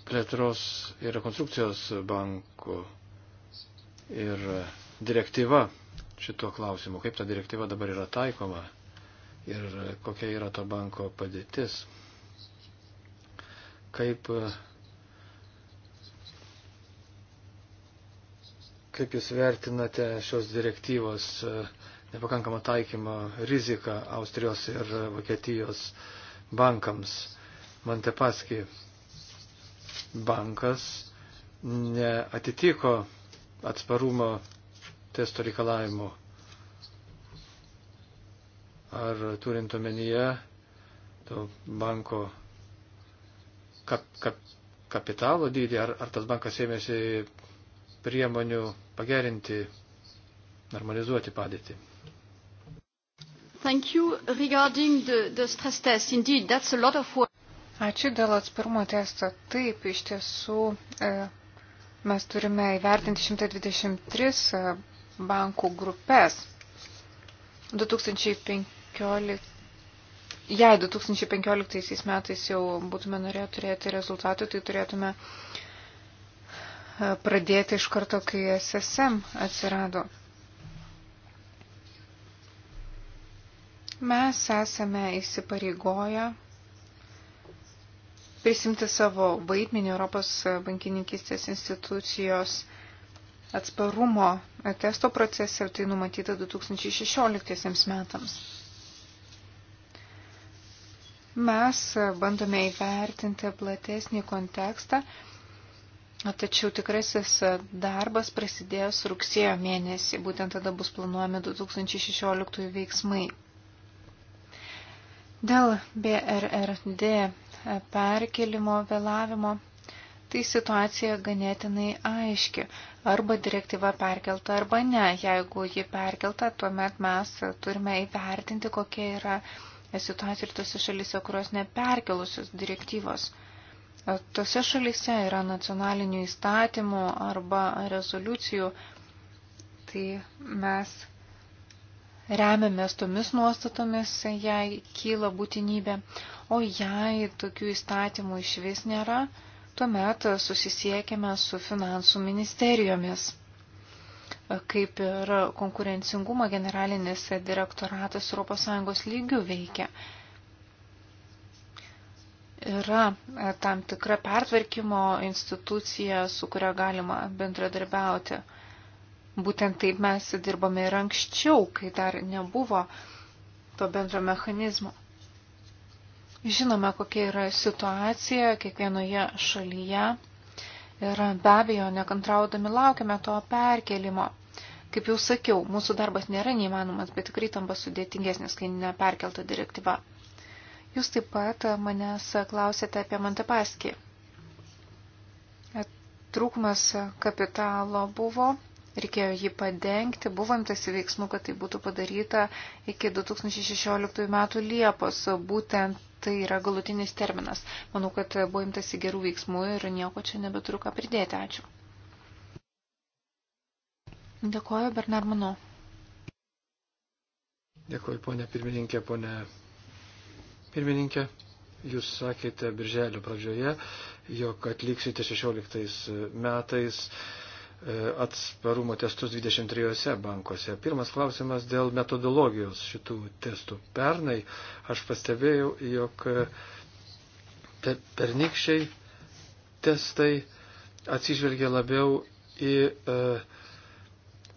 plėtros ir rekonstrukcijos banku ir uh, direktyva šituo klausimu, kaip ta direktyva dabar yra taikoma ir kokia yra to banko padėtis, kaip uh, Kaip Jūs vertinate šios direktyvos e, nepakankamą taikymą riziką Austrijos ir Vokietijos bankams? Montepaski bankas neatitiko atsparumo testo reikalavimu. Ar turint omenyje to banko kap, kap, kapitalo dydį, ar, ar tas bankas ėmėsi priemonių pagerinti, normalizuoti padėtį. Thank you regarding the, the stress test. Indeed, that's a lot of work. Ačiū dėl atspirumo testo. Taip, iš tiesų e, mes turime įvertinti 123 e, bankų grupės. 2015, jei 2015 metais jau būtume norėję turėti rezultatų, tai turėtume e, pradėti iš karto, kai SSM atsirado. Mes esame įsipareigoję prisimti savo vaidmenį Europos bankininkistės institucijos atsparumo testo procese ir tai numatyta 2016 metams. Mes bandome įvertinti platesnį kontekstą Tačiau tikrasis darbas prasidės rugsėjo mėnesį, būtent tada bus planuojami 2016 veiksmai. Dėl BRRD perkelimo vėlavimo, tai situacija ganėtinai aiški. Arba direktyva perkelta, arba ne. Jeigu ji perkelta, tuomet mes turime įvertinti, kokia yra situacija ir tose šalise, kurios neperkelusios direktyvos. Tose šalyse yra nacionalinių įstatymų arba rezoliucijų, tai mes remiamės tomis nuostatomis, jei kyla būtinybė, o jei tokių įstatymų iš vis nėra, tuomet susisiekime su finansų ministerijomis. Kaip ir konkurencingumo generalinis direktoratas ES lygių veikia yra e, tam tikra pertvarkymo institucija, su kuria galima bendradarbiauti. Būtent taip mes dirbame ir anksčiau, kai dar nebuvo to bendro mechanizmo. Žinome, kokia yra situacija kiekvienoje šalyje ir be abejo, nekantraudami laukiame to perkelimo. Kaip jau sakiau, mūsų darbas nėra neįmanomas, bet tikrai tampa sudėtingesnis, kai neperkelta direktyva. Jūs taip pat manęs klausėte apie Montepaskį. Trūkumas kapitalo buvo, reikėjo jį padengti, buvo imtasi veiksmų, kad tai būtų padaryta iki 2016 metų Liepos. Būtent tai yra galutinis terminas. Manau, kad buvo imtasi gerų veiksmų ir nieko čia nebeturiu ką pridėti. Ačiū. Dėkuoju, Bernard Mano. Dėkuoju, ponė pirmininkė, ponė pirmininkė. Jūs sakėte birželio pradžioje, jog atliksite 16 e, metais e, atsparumo testus 23 bankuose. Pirmas klausimas dėl metodologijos šitų testų. Pernai aš pastebėjau, jog e, pernykščiai testai atsižvelgia labiau į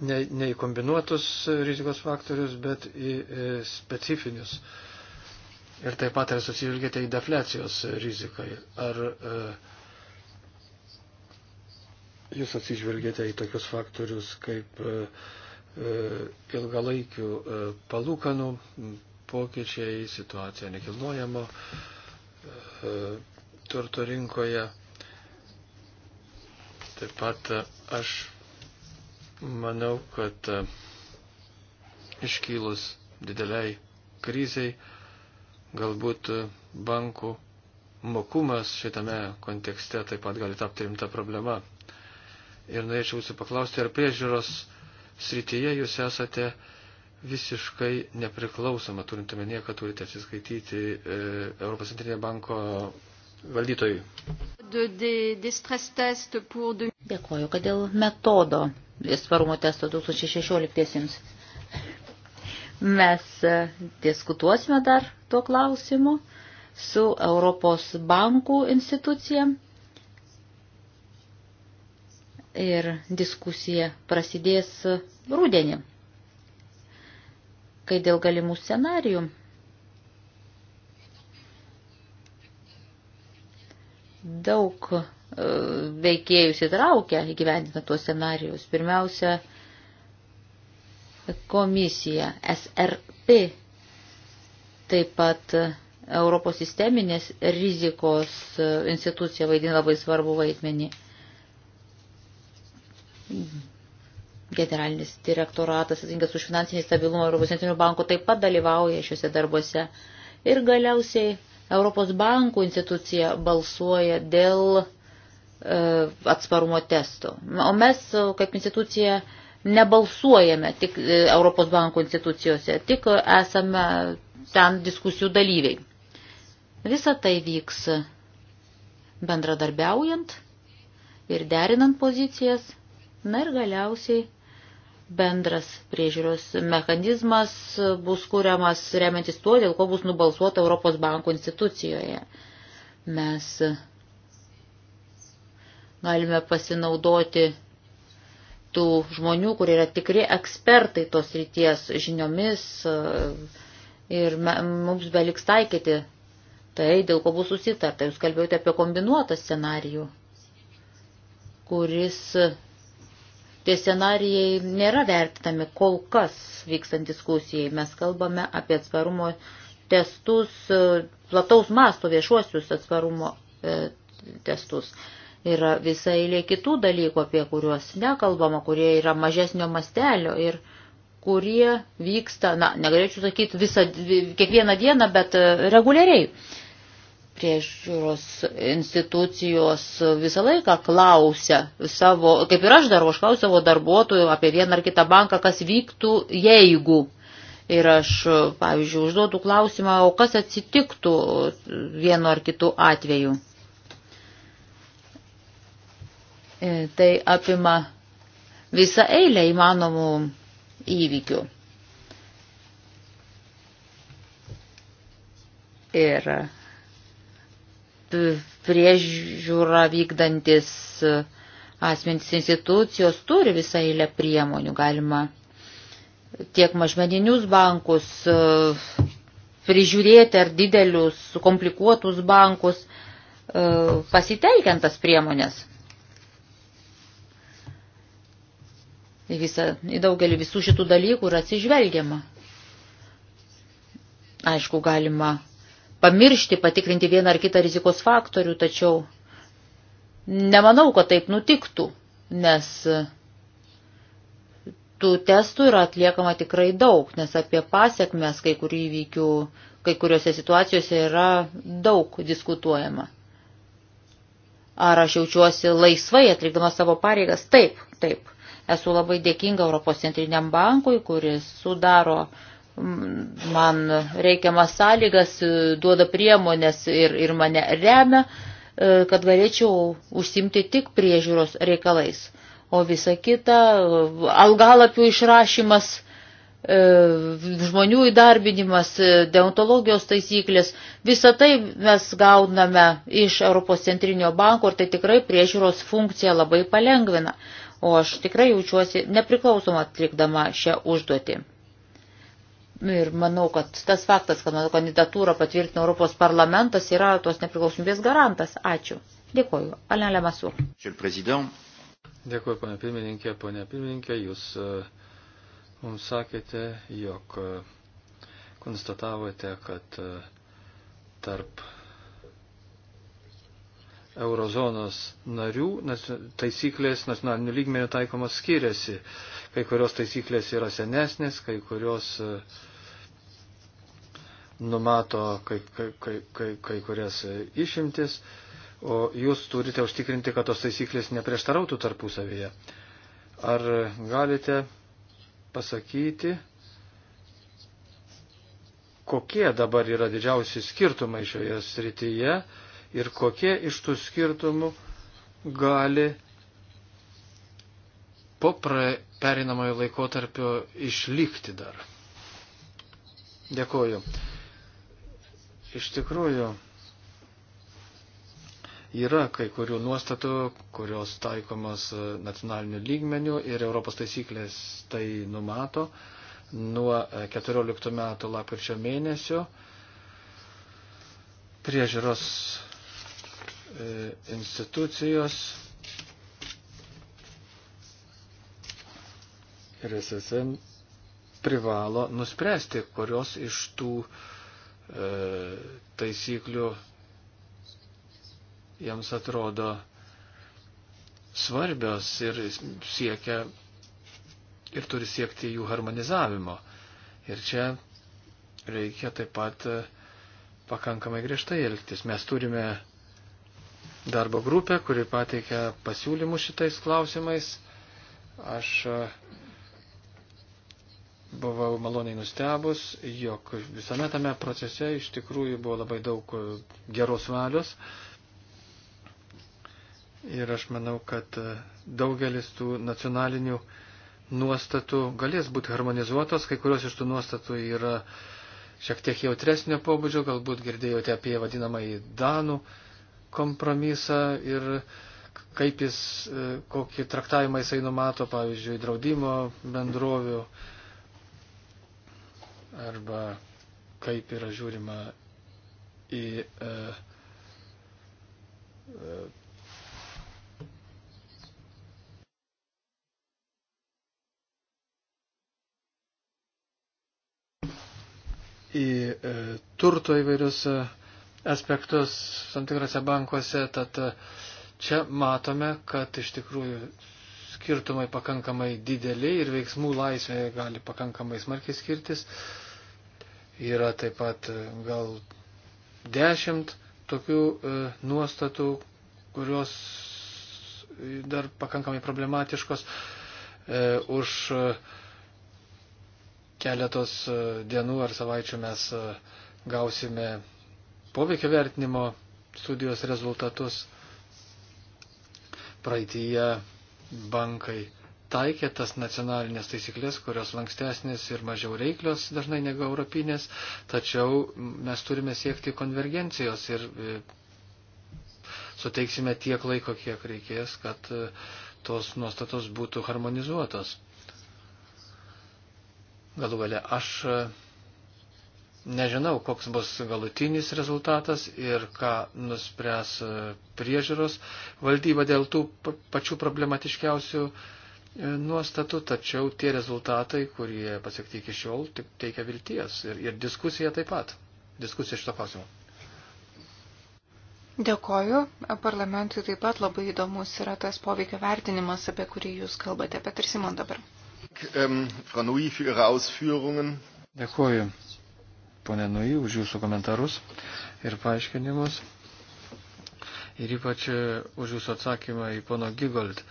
ne, ne į kombinuotus rizikos faktorius, bet į specifinius uh, ir taip pat ar susilgėte į deflecijos riziką. Ar e, jūs atsižvelgėte į tokius faktorius kaip e, e, ilgalaikių e, palūkanų pokyčiai, situacija nekilnojamo e, turto rinkoje. Taip pat e, aš manau, kad e, iškylus dideliai kriziai, Galbūt e, bankų mokumas šitame kontekste taip pat gali tapti rimta problema. Ir norėčiau jūsų paklausti, ar priežiūros srityje jūs esate visiškai nepriklausoma, turint omenyje, kad turite atsiskaityti e, Europos centrinio banko valdytojui. Dėkoju, kad dėl metodo svarumo testo 2016. -iesims. Mes e, diskutuosime dar tuo klausimu su Europos bankų institucija. Ir diskusija prasidės rūdienį, kai dėl galimų scenarijų daug e, veikėjus įtraukia įgyvendinant tuos scenarijus. Pirmiausia, komisija, SRP, taip pat Europos sisteminės rizikos institucija vaidina labai svarbu vaidmenį. Generalinis direktoratas, atsakingas už finansinį stabilumą Europos centrinio banko, taip pat dalyvauja šiuose darbuose. Ir galiausiai Europos bankų institucija balsuoja dėl e, atsparumo testo. O mes kaip institucija e, nebalsuojame tik e, Europos banko institucijose, tik esame ten diskusijų dalyviai. Visa tai vyks bendradarbiaujant ir derinant pozicijas, na ir galiausiai bendras priežiūros mechanizmas bus kuriamas remiantis tuo, dėl ko bus nubalsuota Europos banko institucijoje. Mes galime pasinaudoti tų žmonių, kurie yra tikri ekspertai tos ryties žiniomis e, ir mums beliks taikyti tai, dėl ko bus susitarta. Jūs kalbėjote apie kombinuotą scenarijų, kuris tie scenarijai nėra vertinami kol kas vykstant diskusijai. Mes kalbame apie atsparumo testus, e, plataus masto viešuosius atsparumo e, testus. Yra visa eilė kitų dalykų, apie kuriuos nekalbama, kurie yra mažesnio mastelio ir kurie vyksta, na, negalėčiau sakyti visą, kiekvieną dieną, bet e, reguliariai. Priežiūros institucijos visą laiką klausia savo, kaip ir aš darau, aš klausiu savo darbuotojų apie vieną ar kitą banką, kas vyktų, jeigu Ir aš, pavyzdžiui, užduotų klausimą, o kas atsitiktų vienu ar kitu atveju. E, tai apima visą eilę įmanomų įvykių. Ir e, priežiūra vykdantis e, asmenys institucijos turi visą eilę priemonių. Galima tiek mažmeninius bankus prižiūrėti ar didelius, komplikuotus bankus pasitelkiant tas priemonės. į, visą, į daugelį visų šitų dalykų yra atsižvelgiama. Aišku, galima pamiršti, patikrinti vieną ar kitą rizikos faktorių, tačiau nemanau, kad taip nutiktų, nes tų testų yra atliekama tikrai daug, nes apie pasiekmes kai kurių įvykių, kai kuriuose situacijose yra daug diskutuojama. Ar aš jaučiuosi laisvai atlikdama savo pareigas? Taip, taip. Esu labai dėkinga Europos centriniam bankui, kuris sudaro mm, man reikiamas sąlygas, duoda priemonės ir, ir mane remia, e, kad galėčiau užsimti tik priežiūros reikalais. O visa kita, algalapių išrašymas, e, žmonių įdarbinimas, e, deontologijos taisyklės, visą tai mes gauname iš Europos centrinio banko ir tai tikrai priežiūros funkciją labai palengvina o aš tikrai jaučiuosi nepriklausoma atlikdama šią užduotį. Nu ir manau, kad tas faktas, kad mano kandidatūrą patvirtino Europos parlamentas, yra tos nepriklausomybės garantas. Ačiū. Dėkuoju. Alen Lemasu. Dėkuoju, ponia pirmininkė. Ponia pirmininkė, jūs e, mums sakėte, jog e, konstatavote, kad e, tarp eurozonos narių taisyklės nacionalinių lygmenių taikomas skiriasi. Kai kurios taisyklės yra senesnės, kai kurios e, numato kai, kai, kai, kai, kai kurias e, išimtis, o jūs turite užtikrinti, kad tos taisyklės neprieštarautų tarpusavėje. Ar galite pasakyti, kokie dabar yra didžiausi skirtumai šioje srityje? ir kokie iš tų skirtumų gali po perinamojo laikotarpio išlikti dar. Dėkoju. Iš tikrųjų, yra kai kurių nuostatų, kurios taikomos nacionaliniu lygmeniu ir Europos taisyklės tai numato nuo 14 metų lapkričio mėnesio priežiūros E, institucijos ir SSM privalo nuspręsti, kurios iš tų e, taisyklių jiems atrodo svarbios ir siekia ir turi siekti jų harmonizavimo. Ir čia reikia taip pat e, pakankamai griežtai elgtis. Mes turime darbo grupę, kuri pateikia pasiūlymus šitais klausimais. Aš e, buvau maloniai nustebus, jog visame tame procese iš tikrųjų buvo labai daug e, geros valios. Ir aš manau, kad e, daugelis tų nacionalinių nuostatų galės būti harmonizuotos, kai kurios iš tų nuostatų yra šiek tiek jautresnio pobūdžio, galbūt girdėjote apie vadinamąjį Danų uh, kompromisą ir kaip jis, e, kokį traktavimą jisai numato, pavyzdžiui, draudimo bendrovių arba kaip yra žiūrima į e, e, į e, turto įvairius e, aspektus tam tikrose bankuose, tad e, čia matome, kad iš tikrųjų skirtumai pakankamai dideli ir veiksmų laisvė gali pakankamai smarkiai skirtis. Yra taip pat e, gal dešimt tokių e, nuostatų, kurios dar pakankamai problematiškos. E, už e, keletos e, dienų ar savaičių mes e, gausime poveikio vertinimo studijos rezultatus. Praeitįje bankai taikė tas nacionalinės taisyklės, kurios lankstesnės ir mažiau reiklios dažnai negu europinės, tačiau mes turime siekti konvergencijos ir e, suteiksime tiek laiko, kiek reikės, kad e, tos nuostatos būtų harmonizuotos. Galų gale aš e, Nežinau, koks bus galutinis rezultatas ir ką nuspręs e, priežiūros valdyba dėl tų pačių problematiškiausių e, nuostatų, tačiau tie rezultatai, kurie pasiekti iki šiol, tik teikia vilties ir, ir diskusija taip pat. Diskusija šito klausimu. Dėkoju. Parlamentui taip pat labai įdomus yra tas poveikio vertinimas, apie kurį jūs kalbate, bet ir Simon dabar. Ähm, Dėkoju ponė Nui, už jūsų komentarus ir paaiškinimus. Ir ypač e, už jūsų atsakymą į pono Gigold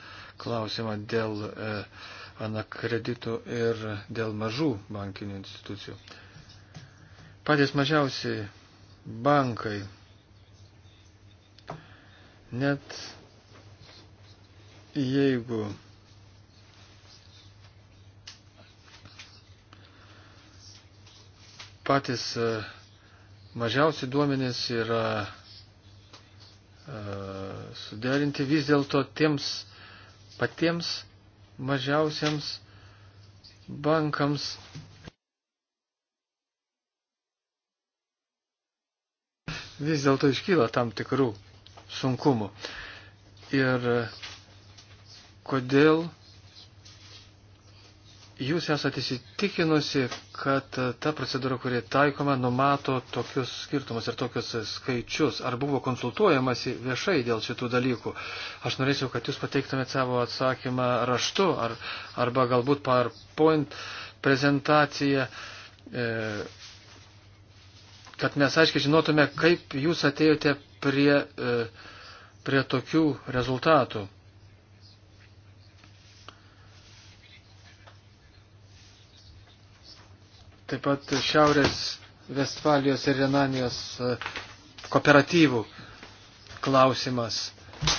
klausimą dėl e, anakreditų ir dėl mažų bankinių institucijų. Patys mažiausi bankai net jeigu patys e, mažiausi duomenys yra e, suderinti vis dėlto tiems patiems mažiausiams bankams. Vis dėlto iškyla tam tikrų sunkumų. Ir e, kodėl Jūs esate įsitikinusi, kad ta procedūra, kuri taikoma, numato tokius skirtumus ir tokius skaičius. Ar buvo konsultuojamasi viešai dėl šitų dalykų? Aš norėčiau, kad jūs pateiktumėte savo atsakymą raštu ar, arba galbūt PowerPoint prezentaciją, e, kad mes aiškiai žinotume, kaip jūs atėjote prie, e, prie tokių rezultatų. taip pat Šiaurės Vestfalijos ir Renanijos e, kooperatyvų klausimas.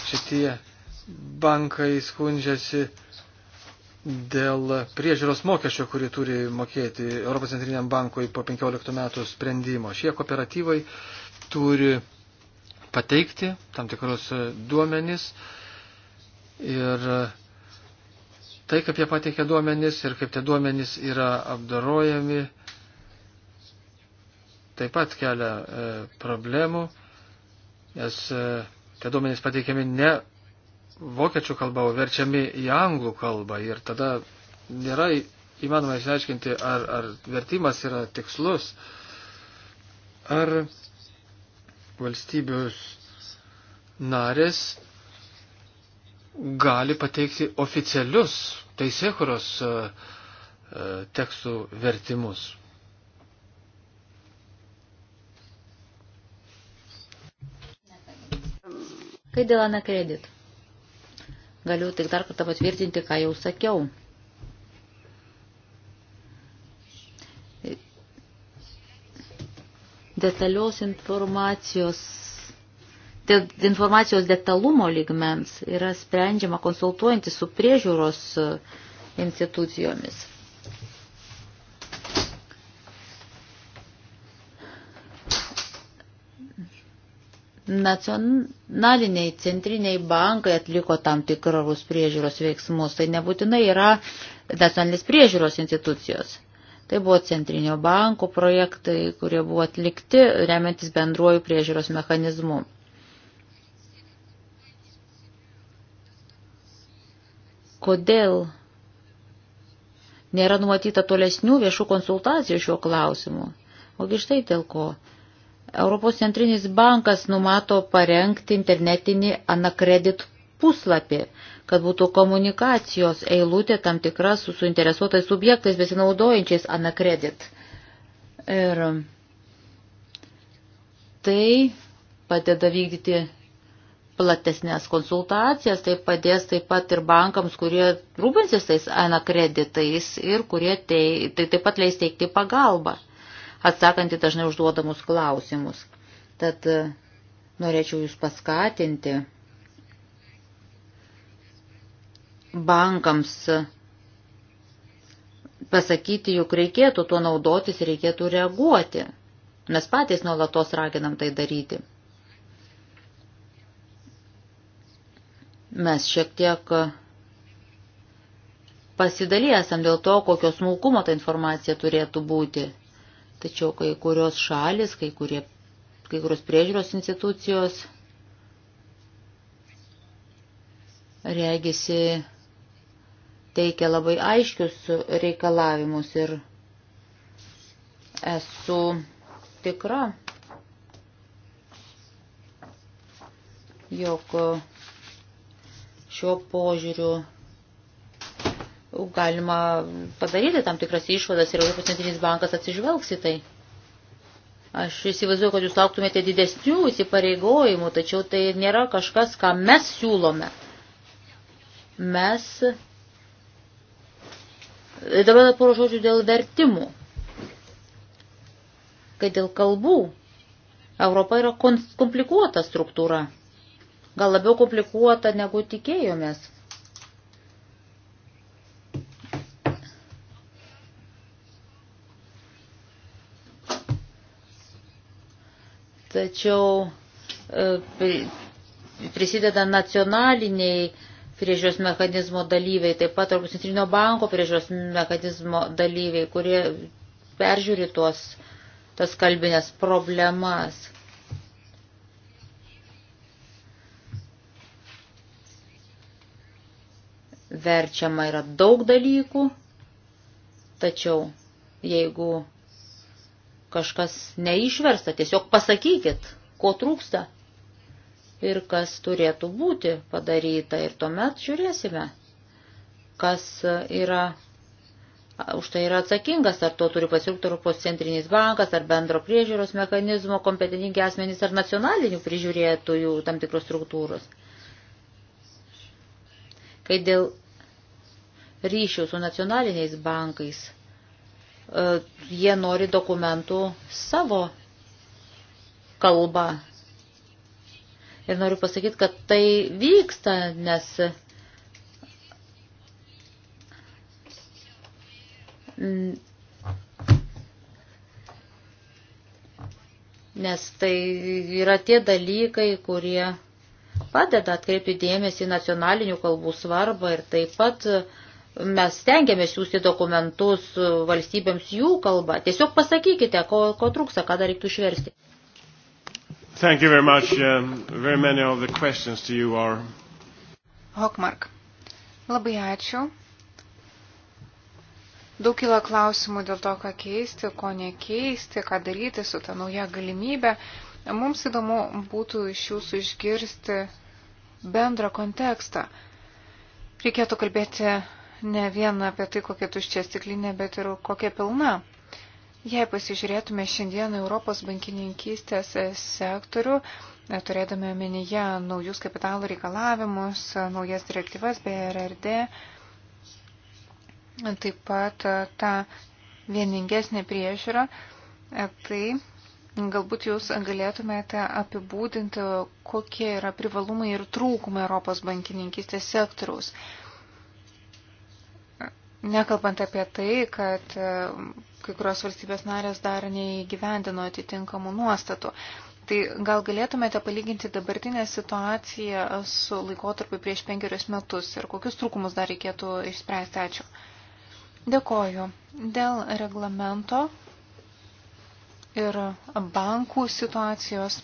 Šitie bankai skundžiasi dėl priežiūros mokesčio, kurį turi mokėti Europos centriniam bankui po 15 metų sprendimo. Šie kooperatyvai turi pateikti tam tikrus e, duomenis ir e, tai, kaip jie pateikia duomenis ir kaip tie duomenis yra apdarojami, taip pat kelia e, problemų, nes e, tie duomenys pateikiami ne vokiečių kalba, o verčiami į anglų kalbą ir tada nėra įmanoma išsiaiškinti, ar, ar vertimas yra tikslus, ar valstybius narės gali pateikti oficialius teisėkuros e, e, tekstų vertimus. Kai dėl anakredit? Galiu tik dar kartą patvirtinti, ką jau sakiau. Detalios informacijos dėl informacijos detalumo lygmens yra sprendžiama konsultuojantis su priežiūros e, institucijomis. Nacionaliniai centriniai bankai atliko tam tikrus priežiūros veiksmus, tai nebūtinai yra nacionalinės priežiūros institucijos. Tai buvo centrinio banko projektai, kurie buvo atlikti remiantis bendruoju priežiūros mechanizmu. Kodėl nėra numatyta tolesnių viešų konsultacijų šiuo klausimu? Ogi štai dėl ko Europos centrinis bankas numato parengti internetinį anakredit puslapį, kad būtų komunikacijos eilutė tam tikra su suinteresuotais subjektais besinaudojančiais anakredit. Ir tai padeda vykdyti platesnės konsultacijas, tai padės taip pat ir bankams, kurie rūpinsis tais anakreditais ir kurie tei, tai taip pat leis teikti pagalbą atsakant į dažnai užduodamus klausimus. Tad e, norėčiau Jūs paskatinti bankams pasakyti, juk reikėtų tuo naudotis ir reikėtų reaguoti. Mes patys nuolatos raginam tai daryti. Mes šiek tiek pasidalėsam dėl to, kokio smulkumo ta informacija turėtų būti. Tačiau kai kurios šalis, kai, kurie, kai kurios priežiūros institucijos regisi teikia labai aiškius reikalavimus ir esu tikra, jog šiuo požiūriu galima padaryti tam tikras išvadas ir Europos centrinis bankas atsižvelgs į tai. Aš įsivaizduoju, kad jūs lauktumėte didesnių įsipareigojimų, tačiau tai nėra kažkas, ką mes siūlome. Mes. Dabar porą žodžių dėl vertimų. Kai dėl kalbų. Europa yra komplikuota struktūra. Gal labiau komplikuota negu tikėjomės tačiau e, prisideda nacionaliniai priežios mechanizmo dalyviai, taip pat Europos centrinio banko priežios mechanizmo dalyviai, kurie peržiūri tuos, tas kalbinės problemas. Verčiama yra daug dalykų, tačiau jeigu kažkas neišversta, tiesiog pasakykit, ko trūksta ir kas turėtų būti padaryta. Ir tuomet žiūrėsime, kas yra už tai yra atsakingas, ar to turi pasirūpti Europos centrinis bankas, ar bendro priežiūros mechanizmo kompetentingi asmenys, ar nacionalinių prižiūrėtojų tam tikros struktūros. Kai dėl ryšių su nacionaliniais bankais E, jie nori dokumentų savo kalbą. Ir noriu pasakyti, kad tai vyksta, nes nes tai yra tie dalykai, kurie padeda atkreipti dėmesį nacionalinių kalbų svarbą ir taip pat uh, mes stengiamės siūsti dokumentus valstybėms jų kalba. Tiesiog pasakykite, ko, ko trūksta, ką dar reiktų išversti. Thank you very much. Um, very many of the questions to you are. Hokmark. Labai ačiū. Daug kilo klausimų dėl to, ką keisti, ko nekeisti, ką daryti su ta nauja galimybė. Mums įdomu būtų iš jūsų išgirsti bendrą kontekstą. Reikėtų kalbėti ne vieną apie tai, kokia tuščia stiklinė, bet ir kokia pilna. Jei pasižiūrėtume šiandien Europos bankininkystės sektorių, e, turėdami omenyje naujus kapitalo reikalavimus, e, naujas direktyvas BRRD, taip pat e, tą vieningesnę priežiūrą, tai galbūt jūs galėtumėte apibūdinti, kokie yra privalumai ir trūkumai Europos bankininkystės sektoriaus. Nekalbant apie tai, kad e, kai kurios valstybės narės dar neįgyvendino atitinkamų nuostatų. Tai gal galėtumėte palyginti dabartinę situaciją su laikotarpiu prieš penkerius metus ir kokius trūkumus dar reikėtų išspręsti? Ačiū. Dėkoju. Dėl reglamento ir bankų situacijos.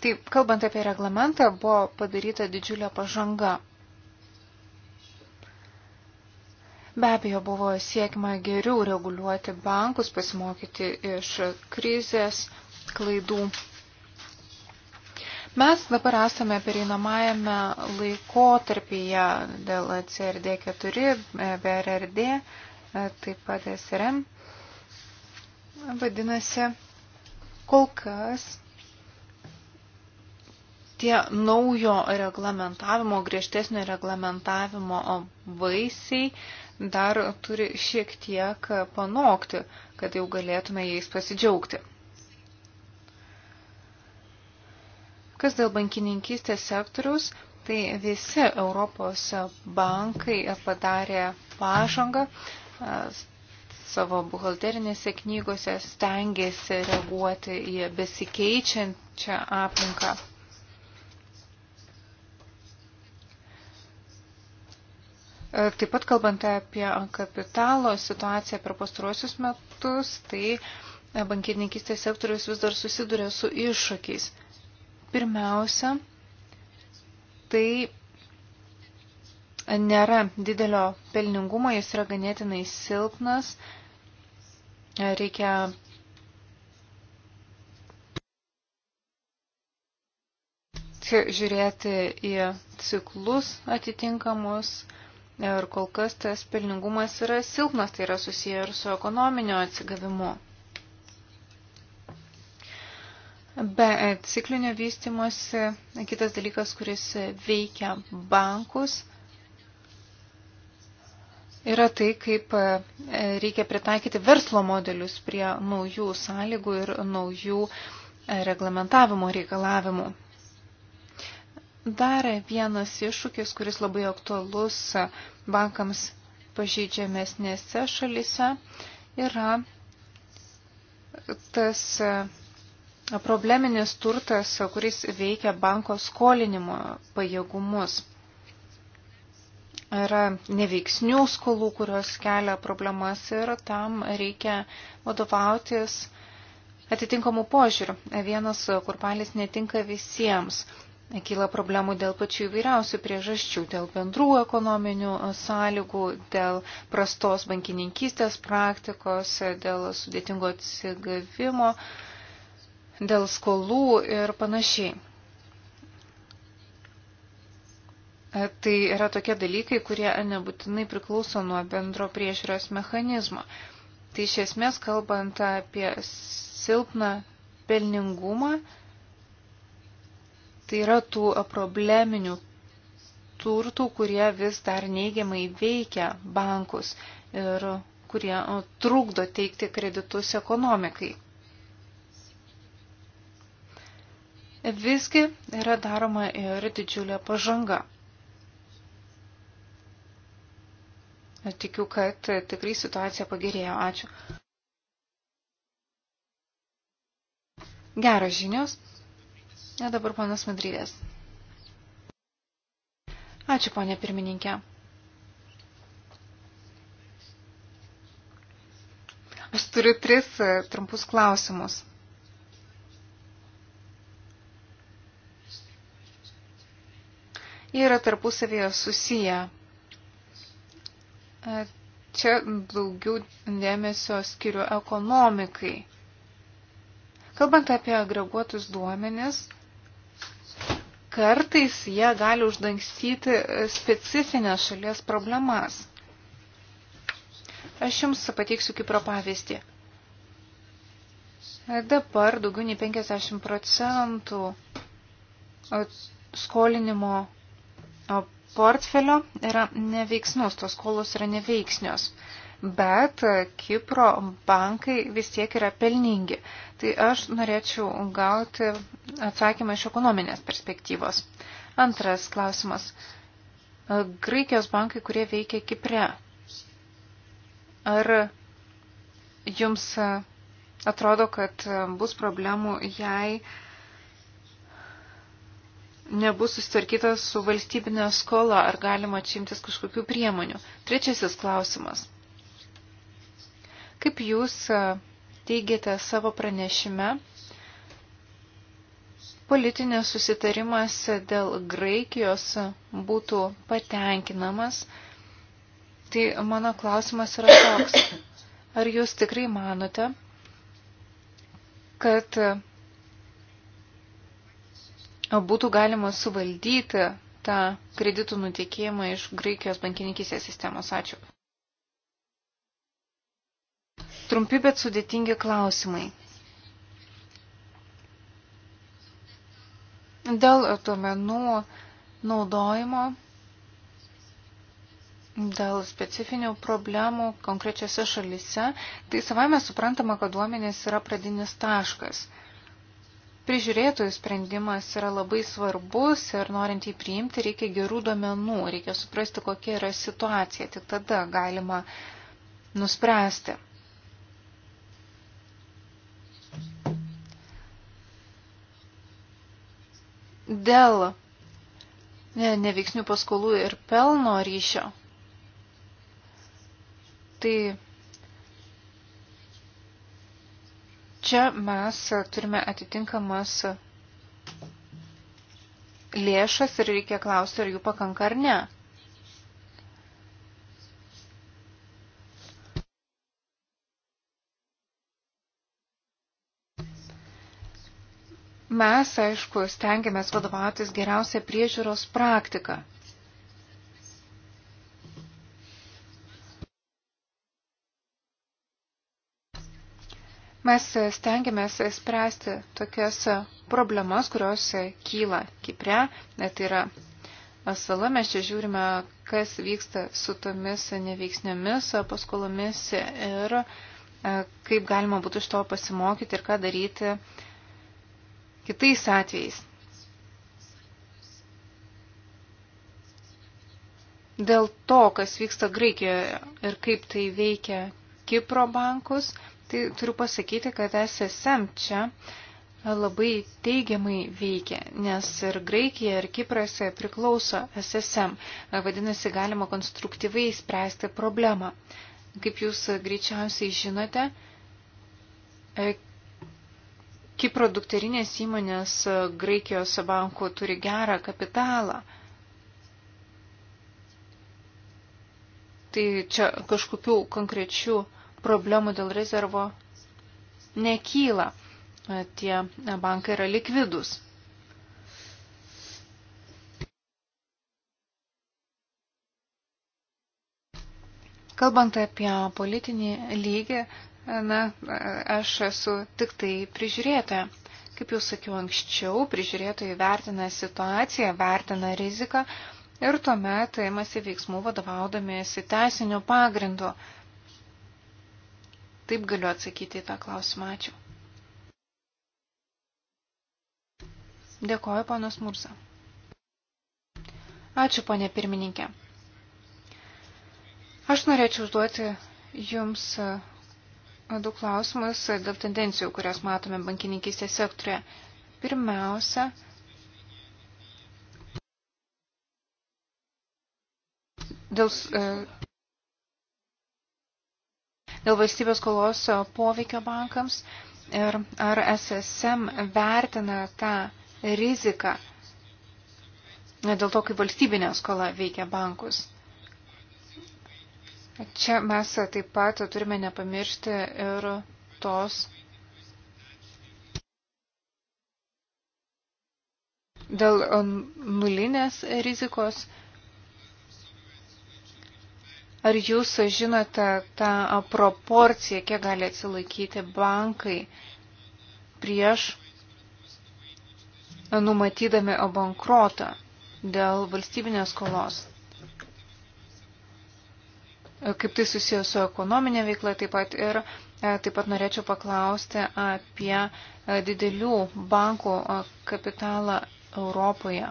Taip, kalbant apie reglamentą, buvo padaryta didžiulė pažanga. Be abejo, buvo siekima geriau reguliuoti bankus, pasimokyti iš krizės klaidų. Mes dabar esame pereinamajame laikotarpyje dėl CRD 4, BRRD, taip pat SRM. Vadinasi, kol kas tie naujo reglamentavimo, griežtesnio reglamentavimo vaisiai dar turi šiek tiek panokti, kad jau galėtume jais pasidžiaugti. Kas dėl bankininkystės sektoriaus, tai visi Europos bankai padarė pažangą savo buhalterinėse knygose, stengiasi reaguoti į besikeičiančią aplinką. E, taip pat kalbant apie kapitalo situaciją per pastaruosius metus, tai e, bankininkistės sektorius vis dar susiduria su iššūkiais. Pirmiausia, tai nėra didelio pelningumo, jis yra ganėtinai silpnas. E, reikia žiūrėti į ciklus atitinkamus Ir kol kas tas pelningumas yra silpnas, tai yra susiję ir su ekonominio atsigavimu. Be ciklinio vystimosi, kitas dalykas, kuris veikia bankus, yra tai, kaip reikia pritaikyti verslo modelius prie naujų sąlygų ir naujų reglamentavimo reikalavimų. Dar vienas iššūkis, kuris labai aktualus bankams pažeidžiamesnėse šalise, yra tas e, probleminis turtas, kuris veikia banko skolinimo pajėgumus. Yra neveiksnių skolų, kurios kelia problemas ir tam reikia vadovautis atitinkamų požiūrių. Vienas kurpalis netinka visiems kyla problemų dėl pačių įvairiausių priežasčių, dėl bendrų ekonominių sąlygų, dėl prastos bankininkystės praktikos, dėl sudėtingo atsigavimo, dėl skolų ir panašiai. Tai yra tokie dalykai, kurie nebūtinai priklauso nuo bendro priežiūros mechanizmo. Tai iš esmės, kalbant apie silpną pelningumą, Tai yra tų probleminių turtų, kurie vis dar neigiamai veikia bankus ir kurie trukdo teikti kreditus ekonomikai. Visgi yra daroma ir didžiulė pažanga. Tikiu, kad tikrai situacija pagerėjo. Ačiū. Geras žinios. Ne dabar panas Madrydės. Ačiū, ponė pirmininkė. Aš turiu tris e, trumpus klausimus. Jie yra tarpusavėje susiję. E, čia daugiau dėmesio skiriu ekonomikai. Kalbant apie agreguotus duomenis, kartais jie gali uždangstyti specifinės šalies problemas. Aš jums pateiksiu Kipro pavyzdį. Dabar daugiau nei 50 procentų skolinimo portfelio yra neveiksnus, tos skolos yra neveiksnios bet Kipro bankai vis tiek yra pelningi. Tai aš norėčiau gauti atsakymą iš ekonominės perspektyvos. Antras klausimas. Graikijos bankai, kurie veikia Kipre. Ar jums atrodo, kad bus problemų, jei nebus susitvarkyta su valstybinė skola, ar galima atšimtis kažkokių priemonių. Trečiasis klausimas. Kaip jūs e, teigiate savo pranešime, politinės susitarimas dėl Graikijos būtų patenkinamas, tai mano klausimas yra toks. Ar jūs tikrai manote, kad būtų galima suvaldyti tą kreditų nutekėjimą iš Graikijos bankininkysės sistemos? Ačiū. Trumpi, bet sudėtingi klausimai. Dėl duomenų naudojimo, dėl specifinių problemų konkrečiose šalise, tai savame suprantama, kad duomenės yra pradinis taškas. Prižiūrėtojų sprendimas yra labai svarbus ir norint jį priimti reikia gerų duomenų, reikia suprasti, kokia yra situacija, tik tada galima nuspręsti. Dėl neveiksnių paskolų ir pelno ryšio, tai čia mes turime atitinkamas lėšas ir reikia klausti, ar jų pakanka ar ne. Mes, aišku, stengiamės vadovautis geriausią priežiūros praktiką. Mes stengiamės spręsti tokias problemas, kurios kyla Kipre, net yra sala, mes čia žiūrime, kas vyksta su tomis neveiksniomis paskolomis ir e, kaip galima būtų iš to pasimokyti ir ką daryti kitais atvejais. Dėl to, kas vyksta Graikijoje ir kaip tai veikia Kipro bankus, tai turiu pasakyti, kad SSM čia labai teigiamai veikia, nes ir Graikija, ir Kipras priklauso SSM. Vadinasi, galima konstruktyviai spręsti problemą. Kaip jūs greičiausiai žinote, Kipro dukterinės įmonės e, Graikijos bankų turi gerą kapitalą. Tai čia kažkokių konkrečių problemų dėl rezervo nekyla. E, tie bankai yra likvidus. Kalbant apie politinį lygį, Na, aš esu tik tai prižiūrėtoja. Kaip jau sakiau anksčiau, prižiūrėtojai vertina situaciją, vertina riziką ir tuomet imasi veiksmų vadovaudamiesi teisiniu pagrindu. Taip galiu atsakyti į tą klausimą. Ačiū. Dėkoju, ponas Mursa. Ačiū, ponė pirmininkė. Aš norėčiau užduoti Jums du klausimus dėl tendencijų, kurias matome bankininkystės sektorė. Pirmiausia, dėl, e, dėl valstybės kolos poveikio bankams ir ar SSM vertina tą riziką dėl to, kaip valstybinė skola veikia bankus. Čia mes taip pat turime nepamiršti ir tos dėl e, nulinės rizikos. Ar jūs žinote tą proporciją, kiek gali atsilaikyti bankai prieš e, numatydami bankrotą dėl valstybinės skolos? kaip tai susijęs su ekonominė veikla taip pat ir e, taip pat norėčiau paklausti apie e, didelių bankų e, kapitalą Europoje.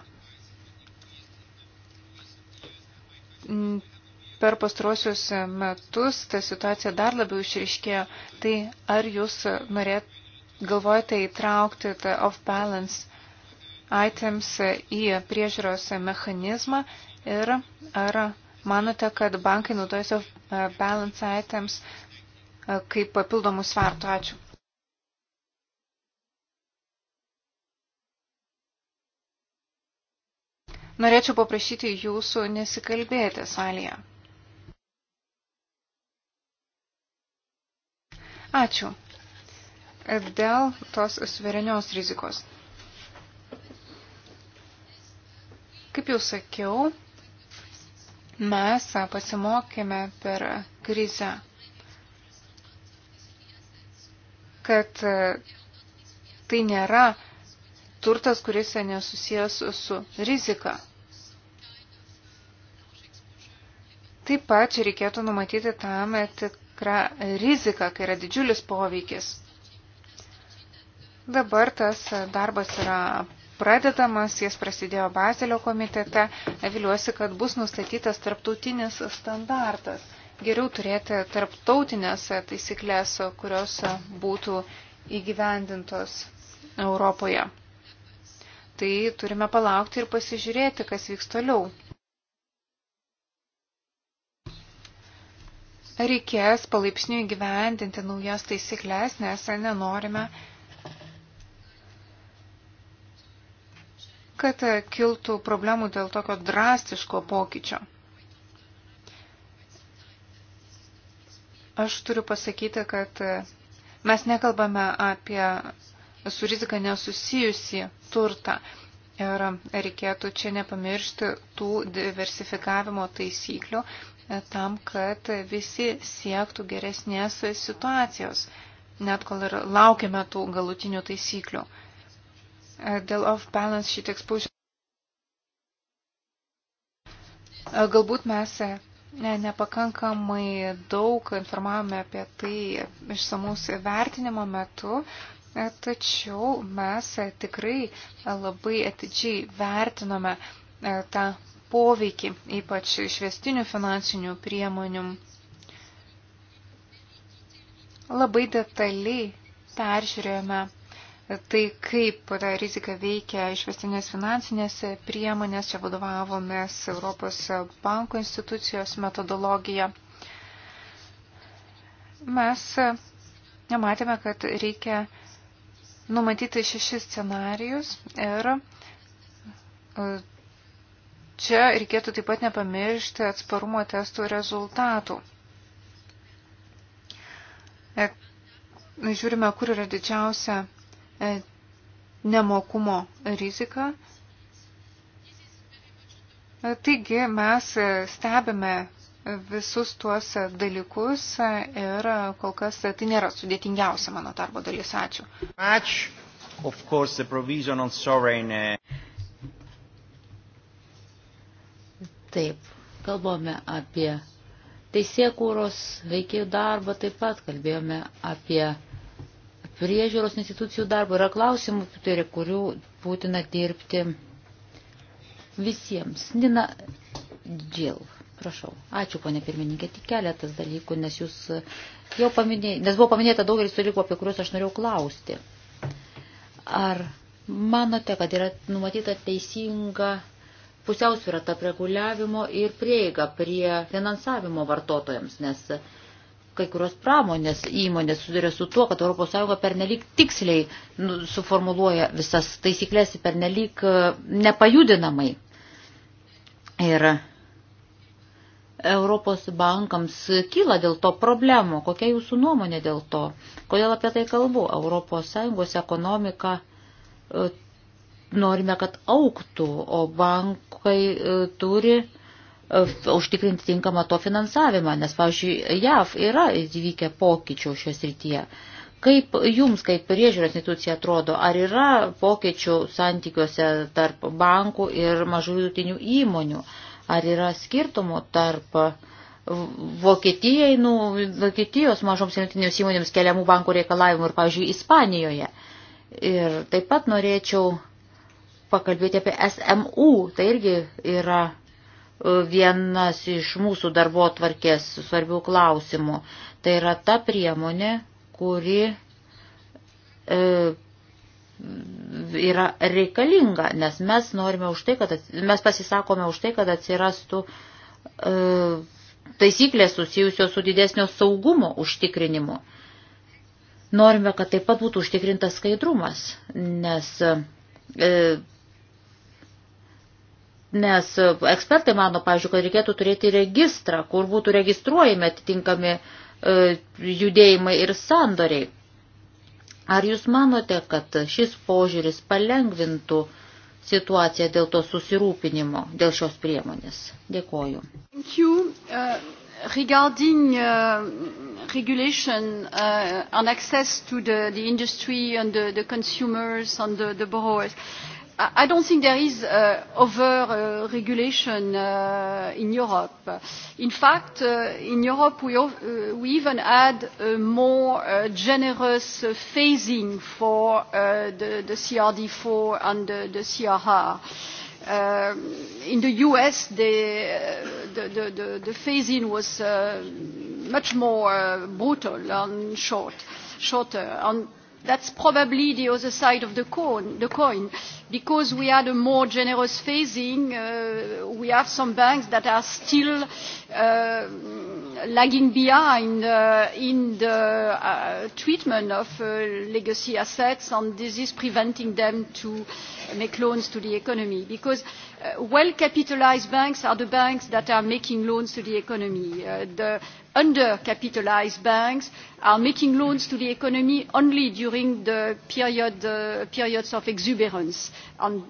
Per pastrosius metus ta situacija dar labiau išriškėjo. Tai ar jūs norėt, galvojate įtraukti tą off-balance items į priežiūros mechanizmą ir ar Manote, kad bankai naudojasi e, balance items e, kaip papildomus svartų? Ačiū. Norėčiau paprašyti jūsų nesikalbėti salėje. Ačiū. Dėl tos suverenios rizikos. Kaip jau sakiau, Mes pasimokėme per krizę, kad e, tai nėra turtas, kuris nesusijęs su rizika. Taip pat čia reikėtų numatyti tam e, tikrą riziką, kai yra didžiulis poveikis. Dabar tas e, darbas yra pradedamas, jis prasidėjo Bazelio komitete. Viliuosi, kad bus nustatytas tarptautinis standartas. Geriau turėti tarptautinės taisyklės, kurios būtų įgyvendintos Europoje. Tai turime palaukti ir pasižiūrėti, kas vyks toliau. Reikės palaipsniui gyvendinti naujas taisyklės, nes nenorime kad kiltų problemų dėl tokio drastiško pokyčio. Aš turiu pasakyti, kad mes nekalbame apie su rizika nesusijusi turtą. Ir reikėtų čia nepamiršti tų diversifikavimo taisyklių e, tam, kad visi siektų geresnės situacijos, net kol ir laukiame tų galutinių taisyklių dėl off-balance sheet exposure. Galbūt mes ne, nepakankamai daug informavome apie tai išsamaus vertinimo metu, tačiau mes tikrai labai atidžiai vertinome tą poveikį, ypač išvestinių finansinių priemonių. Labai detaliai peržiūrėjome tai, kaip ta rizika veikia išvestinės finansinės priemonės, čia vadovavomės Europos banko institucijos metodologiją. Mes matėme, kad reikia numatyti šešis scenarius ir e, čia reikėtų taip pat nepamiršti atsparumo testų rezultatų. E, žiūrime, kur yra didžiausia E, nemokumo riziką. E, taigi mes stebime visus tuos dalykus e, ir kol kas tai nėra sudėtingiausia mano darbo dalis. Ačiū. Ačiū. Of course, the provision on sovereign. Taip, kalbame apie teisėkūros veikėjų darbą, taip pat kalbėjome apie priežiūros institucijų darbo. Yra klausimų, prie kurių būtina dirbti visiems. Nina Džil, prašau. Ačiū, ponė pirmininkė, tik keletas dalykų, nes jūs jau paminėjai, nes buvo paminėta daugelis dalykų, apie kuriuos aš norėjau klausti. Ar manote, kad yra numatyta teisinga pusiausvyrą tarp reguliavimo ir prieiga prie finansavimo vartotojams, nes kai kurios pramonės įmonės sudarė su tuo, kad ES pernelyg tiksliai nu, suformuluoja visas taisyklės pernelyg e, nepajudinamai. Ir Europos bankams kyla dėl to problemų. Kokia jūsų nuomonė dėl to? Kodėl apie tai kalbu? ES ekonomika e, norime, kad auktų, o bankai e, turi E, užtikrinti tinkamą to finansavimą, nes, pavyzdžiui, JAV yra įvykę pokyčių šios rytyje. Kaip jums, kaip priežiūros institucija atrodo, ar yra pokyčių santykiuose tarp bankų ir mažų vidutinių įmonių, ar yra skirtumų tarp Vokietijai, nu, Vokietijos mažoms ir vidutinėms įmonėms keliamų bankų reikalavimų ir, pavyzdžiui, Ispanijoje. Ir taip pat norėčiau pakalbėti apie SMU, tai irgi yra vienas iš mūsų darbo tvarkės svarbių klausimų. Tai yra ta priemonė, kuri e, yra reikalinga, nes mes, norime už tai, kad, mes pasisakome už tai, kad atsirastų e, taisyklės susijusios su didesnio saugumo užtikrinimu. Norime, kad taip pat būtų užtikrintas skaidrumas, nes e, Nes e, ekspertai mano, pažiūrėjau, kad reikėtų turėti registrą, kur būtų registruojami atitinkami e, judėjimai ir sandoriai. Ar jūs manote, kad šis požiūris palengvintų situaciją dėl to susirūpinimo, dėl šios priemonės? Dėkoju. Uh, regarding uh, regulation uh, on access to the, the industry and the, the consumers and the, the borrowers, uh, I don't think there is uh, over uh, regulation uh, in Europe. In fact, uh, in Europe we, uh, we even had a more uh, generous uh, phasing for uh, the, the CRD4 and the, the CRR. Uh, um, in the US, they, uh, the, the, the, the phasing was uh, much more uh, brutal and short, shorter. And that's probably the other side of the coin, the coin because we had a more generous phasing. Uh, we have some banks that are still uh, lagging behind uh, in the uh, treatment of uh, legacy assets, and this is preventing them to make loans to the economy. Because uh, well-capitalized banks are the banks that are making loans to the economy. Uh, the under capitalised banks are making loans to the economy only during the period, uh, periods of exuberance and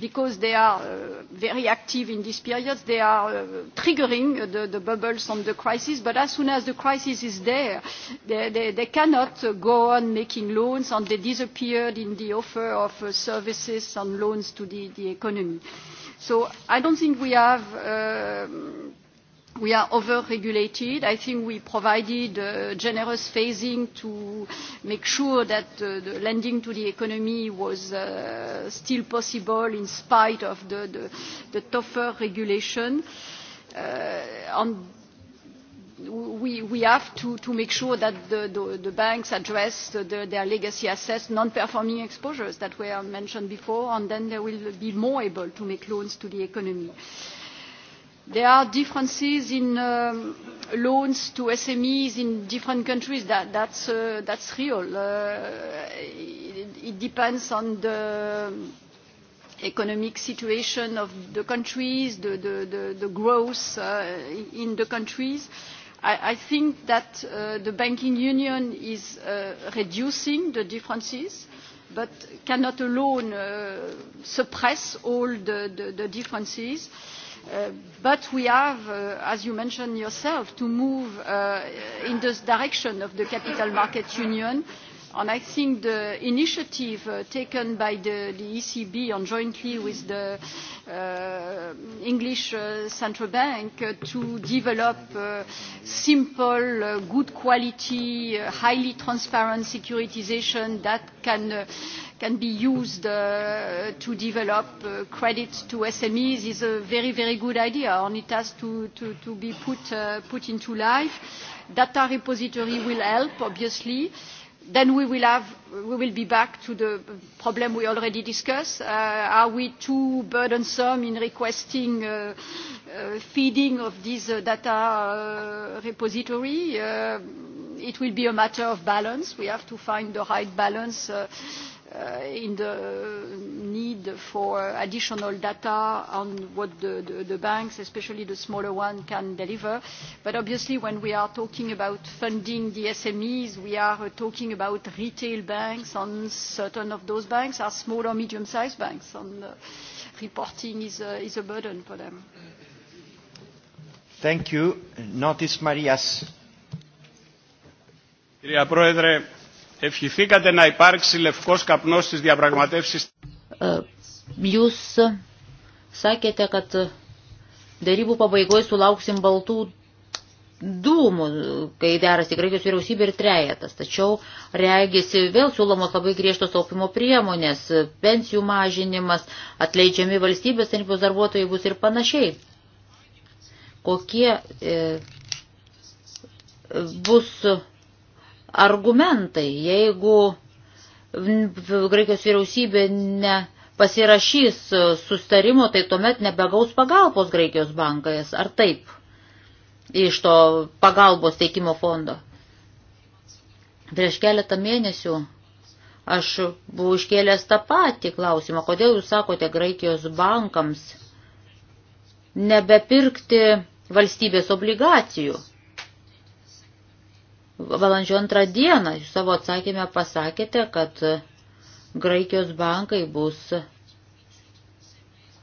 because they are uh, very active in these periods they are uh, triggering the, the bubbles and the crisis but as soon as the crisis is there they, they, they cannot uh, go on making loans and they disappeared in the offer of uh, services and loans to the, the economy. So I don't think we have uh, we are over-regulated. I think we provided uh, generous phasing to make sure that uh, the lending to the economy was uh, still possible in spite of the, the, the tougher regulation. Uh, on we, we have to, to make sure that the, the, the banks address the, their legacy assets, non-performing exposures that were mentioned before, and then they will be more able to make loans to the economy. Uh, there are differences in um, loans to SMEs in different countries. That, that's, uh, that's real. Uh, it, it depends on the economic situation of the countries, the, the, the, the growth uh, in the countries. I, I think that uh, the banking union is uh, reducing the differences, but cannot alone uh, suppress all the, the, the differences. Uh, Uh, but we have uh, as you mentioned yourself to move uh, in the direction of the capital markets union and i think the initiative uh, taken by the, the ecb jointly with the uh, english uh, central bank to develop simple good quality highly transparent securitisation that can can be used uh, to develop uh, credit to SMEs is a very, very good idea, and it has to, to, to be put, uh, put into life. Data repository will help, obviously. Then we will, have, we will be back to the problem we already discussed. Uh, are we too burdensome in requesting uh, uh, feeding of this uh, data uh, repository? Uh, it will be a matter of balance. We have to find the right balance. Uh, uh, in the uh, need for additional data on what the, the, the banks, especially the smaller one, can deliver. But obviously, when we are talking about funding the SMEs, we are uh, talking about retail banks, and certain of those banks are small or medium-sized banks, and uh, reporting is a, is a burden for them. Thank you. Notice Marias. Κυρία Πρόεδρε, Ευχηθήκατε να υπάρξει λευκός καπνός στις διαπραγματεύσεις. Jūs sakėte, kad darybų pabaigoje sulauksim baltų dūmų, kai derasi Graikijos vyriausybė ir trejetas. Tačiau regisi vėl siūlomos labai griežtos taupimo priemonės, pensijų mažinimas, atleidžiami valstybės tarnybos darbuotojai bus ir panašiai. Kokie e, bus argumentai, jeigu Graikijos vyriausybė ne pasirašys sustarimo, tai tuomet nebegaus pagalbos Graikijos bankas, ar taip, iš to pagalbos teikimo fondo. Prieš keletą mėnesių aš buvau iškėlęs tą patį klausimą, kodėl jūs sakote Graikijos bankams nebepirkti valstybės obligacijų. Valandžio antrą dieną jūs savo atsakymę pasakėte, kad Graikijos bankai bus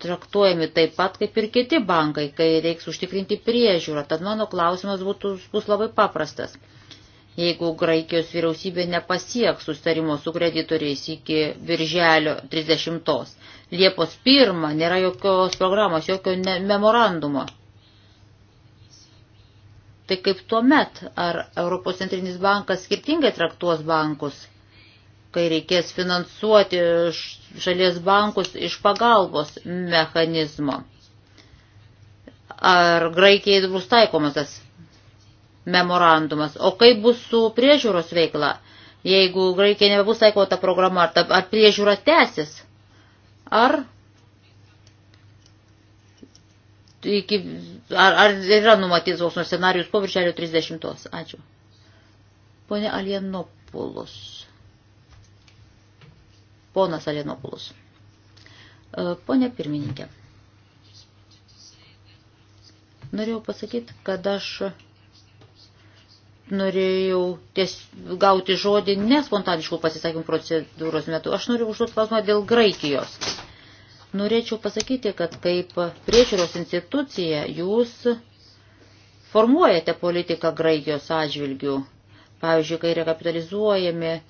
traktuojami taip pat kaip ir kiti bankai, kai reiks užtikrinti priežiūrą. Tad mano klausimas būtų, bus labai paprastas. Jeigu Graikijos vyriausybė nepasieks sustarimo su kreditoriais iki virželio 30, Liepos 1 nėra jokios programos, jokio memorandumo tai kaip tuo met, ar Europos centrinis bankas skirtingai traktuos bankus, kai reikės finansuoti šalies bankus iš pagalbos mechanizmo. Ar Graikijai bus taikomas tas memorandumas, o kaip bus su priežiūros veikla, jeigu Graikija nebus taikota programa, ar, ta, ar priežiūra tęsis, ar iki, ar, ar yra numatytas koks nors scenarius po viršelio 30. Ačiū. Pone Alienopulus. Ponas Alienopulus. E, pone pirmininkė. Norėjau pasakyti, kad aš norėjau ties, gauti žodį ne spontaniškų pasisakymų procedūros metu. Aš noriu užduoti klausimą dėl Graikijos Norėčiau pasakyti, kad kaip priežiūros institucija jūs formuojate politiką Graikijos atžvilgių. Pavyzdžiui, kai rekapitalizuojami e,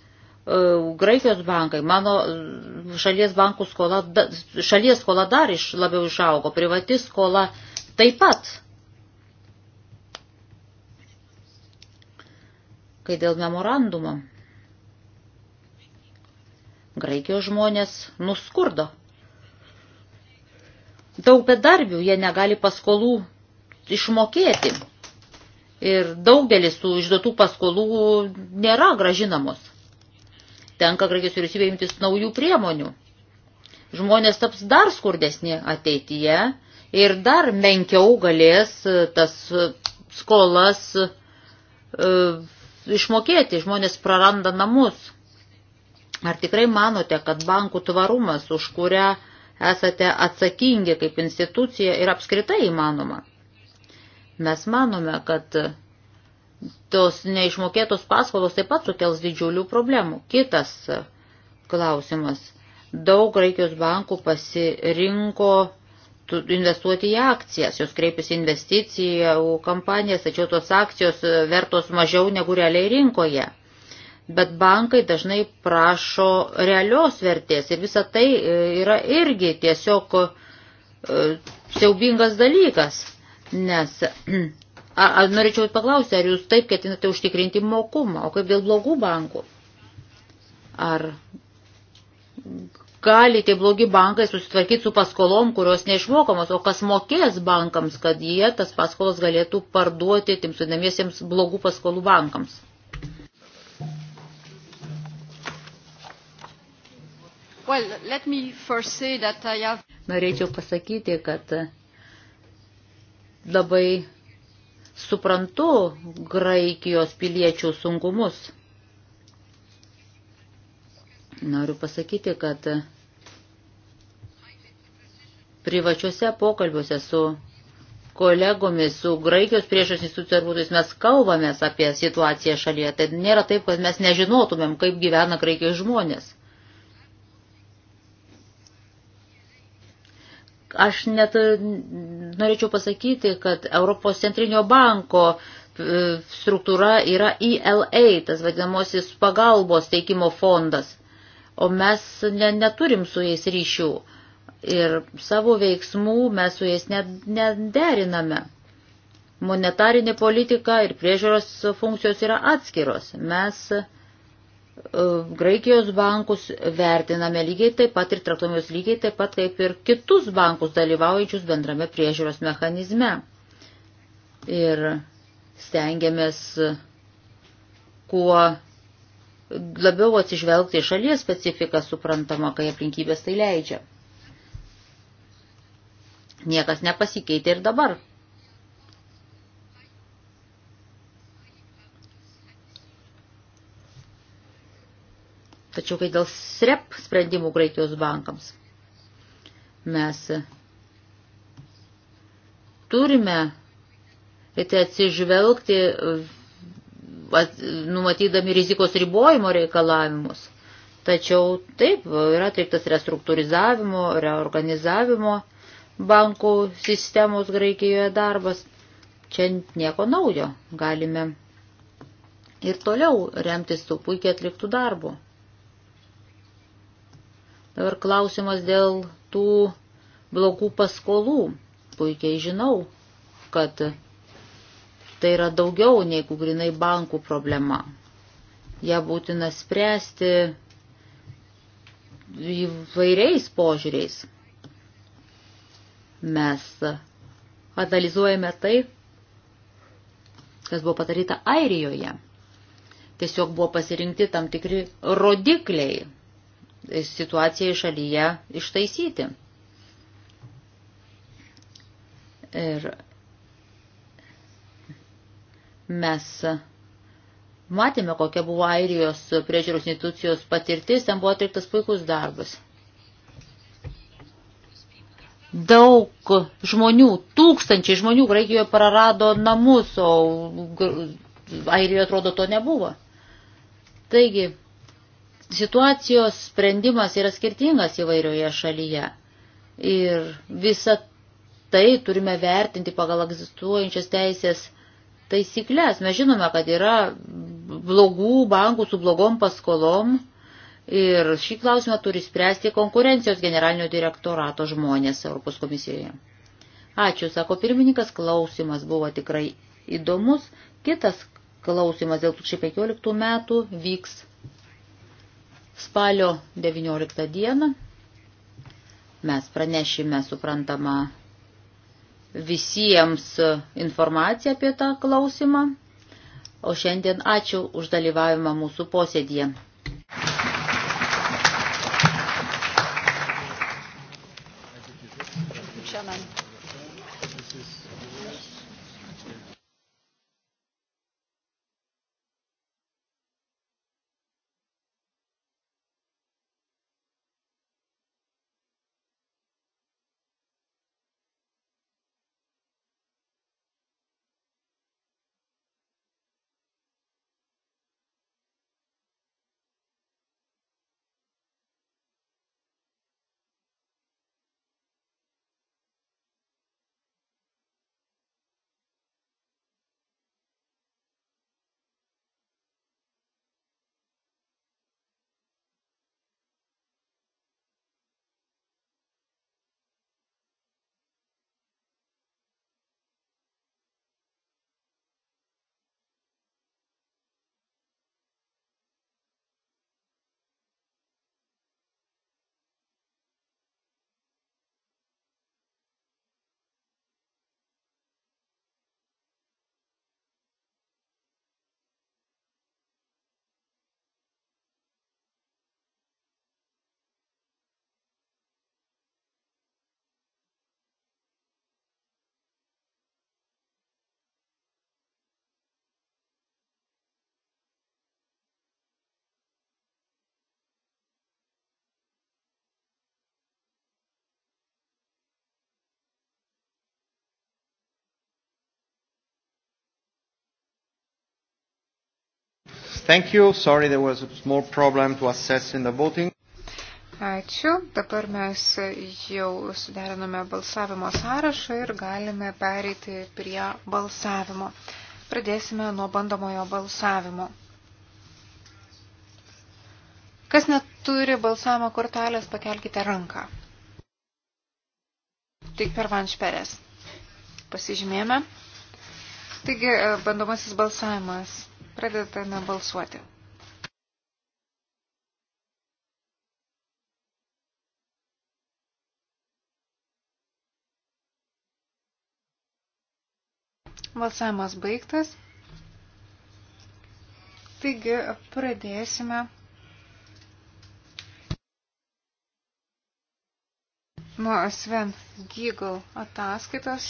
Graikijos bankai, mano e, šalies bankų skola, šalies skola dar iš, labiau išaugo, privati skola taip pat. Kai dėl memorandumo Graikijos žmonės nuskurdo daug bedarbių, jie negali paskolų išmokėti. Ir daugelis tų išduotų paskolų nėra gražinamos. Tenka Graikijos vyriausybė imtis naujų priemonių. Žmonės taps dar skurdesni ateityje ir dar menkiau galės e, tas e, skolas e, išmokėti. Žmonės praranda namus. Ar tikrai manote, kad bankų tvarumas, už kurią esate atsakingi kaip institucija ir apskritai įmanoma. Mes manome, kad tos neišmokėtos paskolos taip pat sukels didžiulių problemų. Kitas klausimas. Daug Graikijos bankų pasirinko investuoti į akcijas, jos kreipiasi investiciją, kompanijas, tačiau tos akcijos vertos mažiau negu realiai rinkoje bet bankai dažnai prašo realios vertės ir visa tai e, yra irgi tiesiog e, siaubingas dalykas, nes Ar, ar norėčiau paklausti, ar jūs taip ketinate užtikrinti mokumą, o kaip dėl blogų bankų? Ar gali tie blogi bankai susitvarkyti su paskolom, kurios neišmokamos, o kas mokės bankams, kad jie tas paskolas galėtų parduoti tims vadinamiesiems blogų paskolų bankams? Well, have... Norėčiau pasakyti, kad labai suprantu Graikijos piliečių sunkumus. Noriu pasakyti, kad privačiuose pokalbiuose su kolegomis, su Graikijos priešos institucijos darbuotojais mes kalbamės apie situaciją šalyje. Tai nėra taip, kad mes nežinotumėm, kaip gyvena Graikijos žmonės. Aš net e, norėčiau pasakyti, kad Europos centrinio banko e, struktūra yra ELA, tas vadinamosis pagalbos teikimo fondas, o mes ne, neturim su jais ryšių ir savo veiksmų mes su jais nederiname. Monetarinė politika ir priežiūros funkcijos yra atskiros. Mes E, Graikijos bankus vertiname lygiai taip pat ir traktuojame juos lygiai taip pat kaip ir kitus bankus dalyvaujančius bendrame priežiūros mechanizme. Ir stengiamės kuo labiau atsižvelgti į šalies specifiką suprantama, kai aplinkybės tai leidžia. Niekas nepasikeitė ir dabar. Tačiau kai dėl SREP sprendimų Graikijos bankams mes turime į tai atsižvelgti, numatydami rizikos ribojimo reikalavimus. Tačiau taip, yra atliktas restruktūrizavimo, reorganizavimo bankų sistemos Graikijoje darbas. Čia nieko naujo. Galime ir toliau remtis tų puikiai atliktų darbų. Dabar klausimas dėl tų blogų paskolų. Puikiai žinau, kad tai yra daugiau negu grinai bankų problema. Ja būtina spręsti įvairiais požiūriais. Mes analizuojame tai, kas buvo padaryta Airijoje. Tiesiog buvo pasirinkti tam tikri rodikliai, situaciją šalyje ištaisyti. Ir mes matėme, kokia buvo Airijos priežiūros institucijos patirtis, ten buvo atliktas puikus darbas. Daug žmonių, tūkstančiai žmonių Graikijoje prarado namus, o Airijoje atrodo to nebuvo. Taigi, situacijos sprendimas yra skirtingas įvairioje šalyje. Ir visą tai turime vertinti pagal egzistuojančias teisės taisyklės. Mes žinome, kad yra blogų bankų su blogom paskolom ir šį klausimą turi spręsti konkurencijos generalinio direktorato žmonės Europos komisijoje. Ačiū, sako pirmininkas, klausimas buvo tikrai įdomus. Kitas klausimas dėl 2015 metų vyks Spalio 19 dieną mes pranešime suprantamą visiems informaciją apie tą klausimą. O šiandien ačiū už dalyvavimą mūsų posėdėje. Thank you. Sorry, there was a small problem to assess in the voting. Ačiū. Dabar mes jau suderinome balsavimo sąrašą ir galime pereiti prie balsavimo. Pradėsime nuo bandomojo balsavimo. Kas neturi balsavimo kortelės, pakelkite ranką. Tik per vanšperės. Pasižymėjome. Taigi, bandomasis balsavimas. Pradedame balsuoti. Balsavimas baigtas. Taigi pradėsime nuo Sven Giggle ataskaitos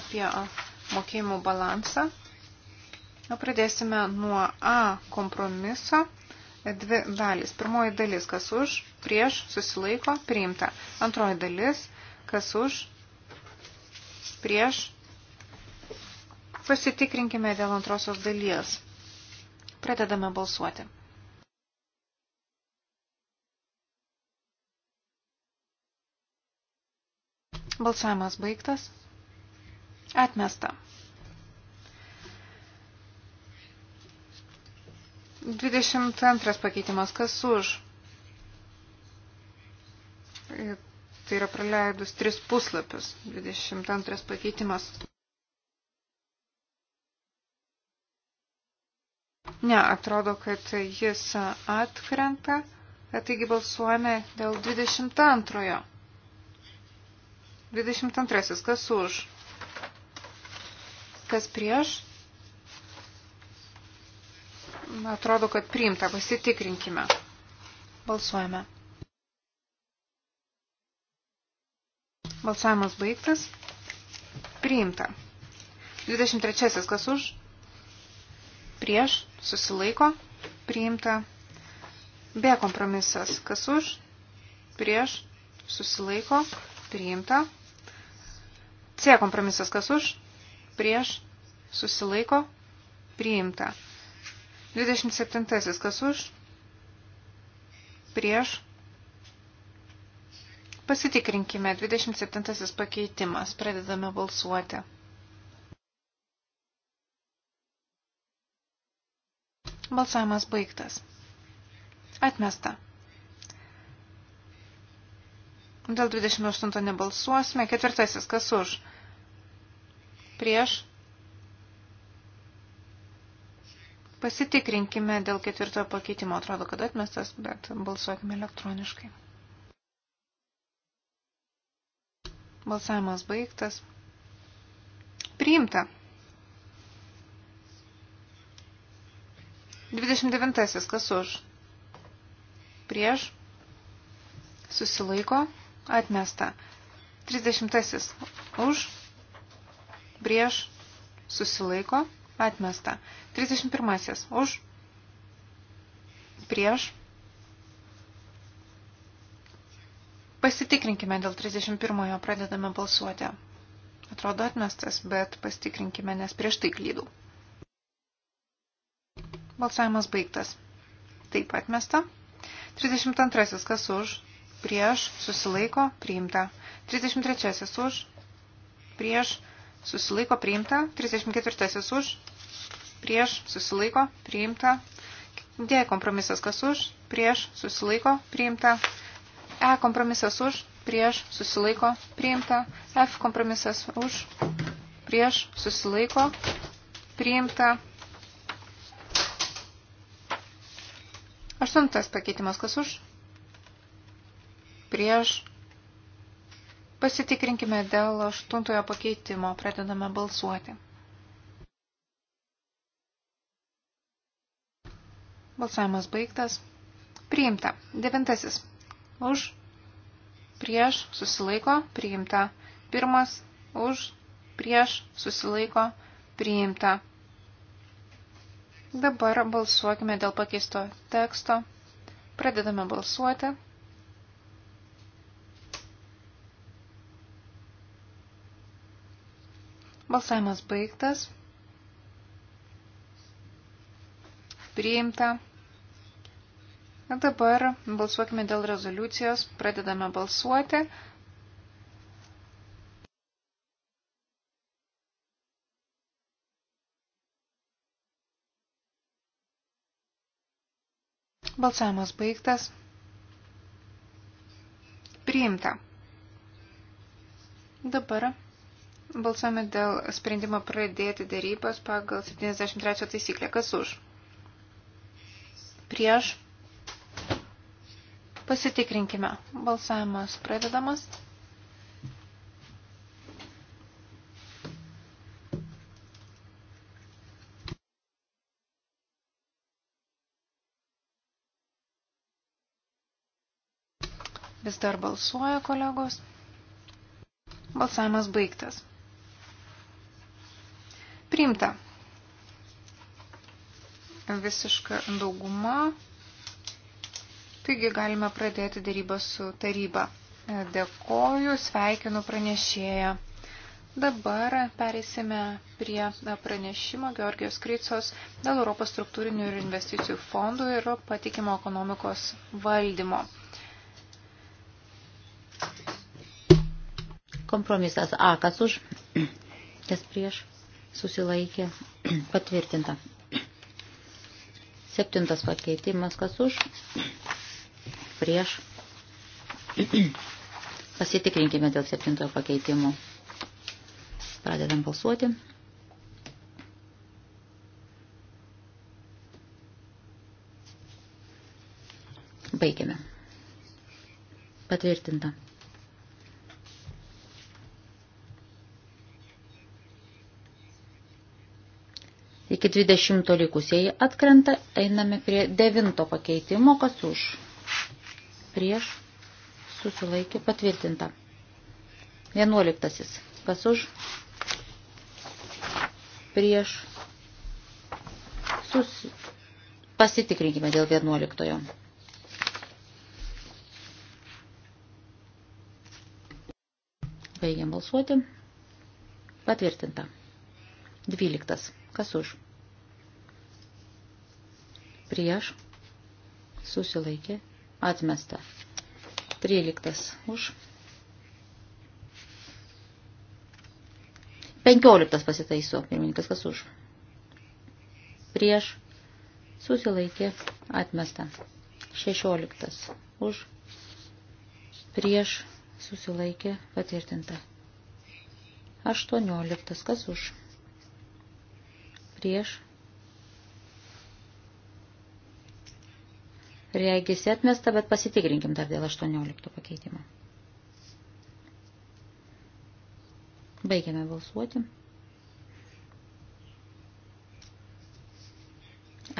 apie mokėjimų balansą. Pradėsime nuo A kompromiso. Dvi dalys. Pirmoji dalis, kas už, prieš, susilaiko, priimta. Antroji dalis, kas už, prieš. Pasitikrinkime dėl antrosios dalies. Pradedame balsuoti. Balsavimas baigtas. Atmesta. 22 pakeitimas, kas už? E, tai yra praleidus tris puslapius. 22 pakeitimas. Ne, atrodo, kad jis atkrenta. E, taigi balsuojame dėl 22. 22. Kas už? Kas prieš? Atrodo, kad priimta. Pasitikrinkime. Balsuojame. Balsavimas baigtas. Priimta. 23. Kas už? Prieš. Susilaiko. Priimta. B kompromisas. Kas už? Prieš. Susilaiko. Priimta. C kompromisas. Kas už? Prieš. Susilaiko. Priimta. 27. Kas už? Prieš. Pasitikrinkime 27 pakeitimas. Pradedame balsuoti. Balsavimas baigtas. Atmesta. Dėl 28 nebalsuosime. Ketvirtasis. Kas už? Prieš. Pasitikrinkime dėl ketvirtojo pakeitimo. Atrodo, kad atmestas, bet balsuokime elektroniškai. Balsavimas baigtas. Priimta. 29. Kas už? Prieš. Susilaiko. Atmesta. 30. Už. Prieš. Susilaiko. Atmesta. 31. Už. Prieš. Pasitikrinkime dėl 31. Pradedame balsuoti. Atrodo atmestas, bet pasitikrinkime, nes prieš tai klydau. Balsavimas baigtas. Taip atmesta. 32. Kas už? Prieš. Susilaiko. Priimta. 33. Už. Prieš. Susilaiko. Priimta. 34. Už prieš, susilaiko, priimta. D kompromisas kas už, prieš, susilaiko, priimta. E kompromisas už, prieš, susilaiko, priimta. F kompromisas už, prieš, susilaiko, priimta. Aštuntas pakeitimas kas už, prieš. Pasitikrinkime dėl aštuntojo pakeitimo, pradedame balsuoti. Balsavimas baigtas. Priimta. Devintasis. Už. Prieš. Susilaiko. Priimta. Pirmas. Už. Prieš. Susilaiko. Priimta. Dabar balsuokime dėl pakeisto teksto. Pradedame balsuoti. Balsavimas baigtas. priimta. Na dabar balsuokime dėl rezoliucijos, pradedame balsuoti. Balsavimas baigtas. Priimta. Dabar balsuojame dėl sprendimo pradėti darybas pagal 73 taisyklę. Kas už? prieš. Pasitikrinkime. Balsavimas pradedamas. Vis dar balsuoja kolegos. Balsavimas baigtas. Priimta visišką daugumą. Taigi galime pradėti dėrybą su taryba. Dėkoju, sveikinu pranešėją. Dabar pereisime prie pranešimo Georgijos Krycos dėl Europos struktūrinių ir investicijų fondų ir patikimo ekonomikos valdymo. Kompromisas A, kas už, kas prieš, susilaikė, patvirtinta. Septintas pakeitimas, kas už, prieš. Pasitikrinkime dėl septintojo pakeitimo. Pradedam balsuoti. Baigiame. Patvirtinta. Iki 20 likusieji atkrenta, einame prie 9 pakeitimo, kas už. Prieš susilaikė patvirtinta. 11. Kas už? Prieš susi... Pasitikrinkime dėl 11. Baigiam balsuoti. Patvirtinta. 12. Kas už? prieš, susilaikė, atmesta. 13 už. 15 pasitaiso, pirmininkas kas už. Prieš, susilaikė, atmesta. 16 už. Prieš, susilaikė, patvirtinta. 18 kas už. Prieš, Regis atmesta, bet pasitikrinkim dar dėl 18 pakeitimo. Baigiame balsuoti.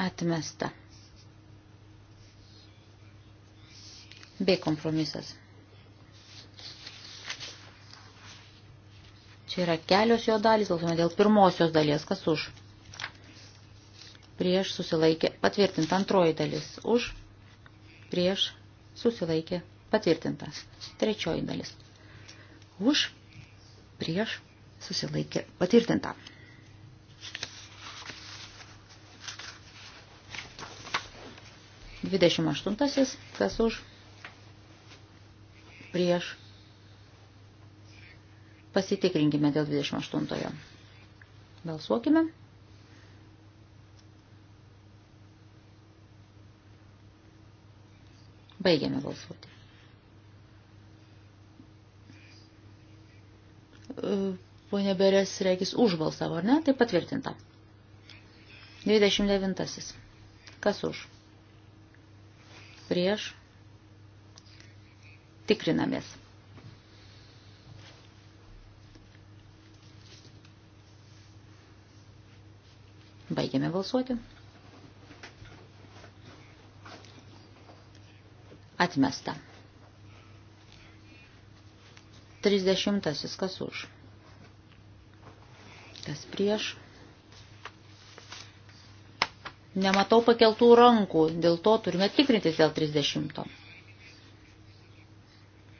Atmesta. B kompromisas. Čia yra kelios jo dalys, lauksime dėl pirmosios dalies, kas už. Prieš susilaikė patvirtinta antroji dalis. Už. Už prieš, susilaikė, patvirtinta. Trečioji dalis. Už, prieš, susilaikė, patvirtinta. Dvidešimt aštuntasis, kas už, prieš, pasitikrinkime dėl 28. Balsuokime. Balsuokime. Baigiame balsuoti. E, Pone Berės reikis užbalsavo, ar ne? Tai patvirtinta. 29. Kas už? Prieš. Tikrinamės. Baigiame balsuoti. Atmesta. 30. Kas už? Kas prieš? Nematau pakeltų rankų, dėl to turime tikrintis dėl 30.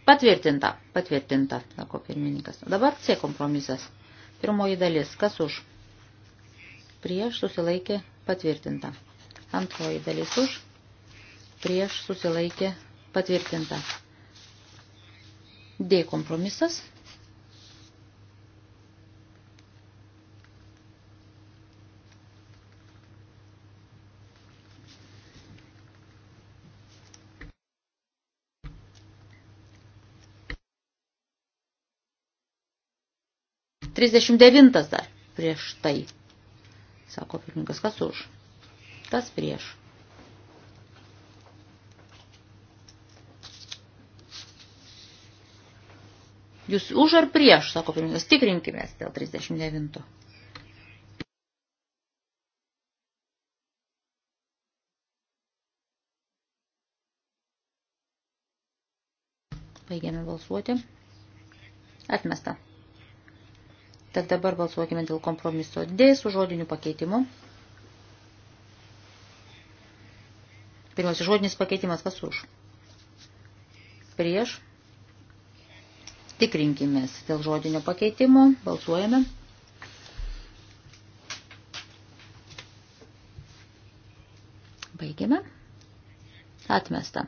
Patvirtinta, patvirtinta, sako pirmininkas. Dabar C kompromisas. Pirmoji dalis, kas už? Prieš susilaikė patvirtinta. Antroji dalis už, prieš susilaikė patvirtinta. D kompromisas. Trisdešimt devintas dar prieš tai, sako pirmininkas, kas už, kas prieš. Jūs už ar prieš, sako pirmininkas, tikrinkime dėl 39. Baigėme balsuoti. Atmesta. Tad dabar balsuokime dėl kompromiso D su žodiniu pakeitimu. Pirmiausia, žodinis pakeitimas kas už? Prieš Tikrinkimės dėl žodinio pakeitimo. Balsuojame. Baigiame. Atmesta.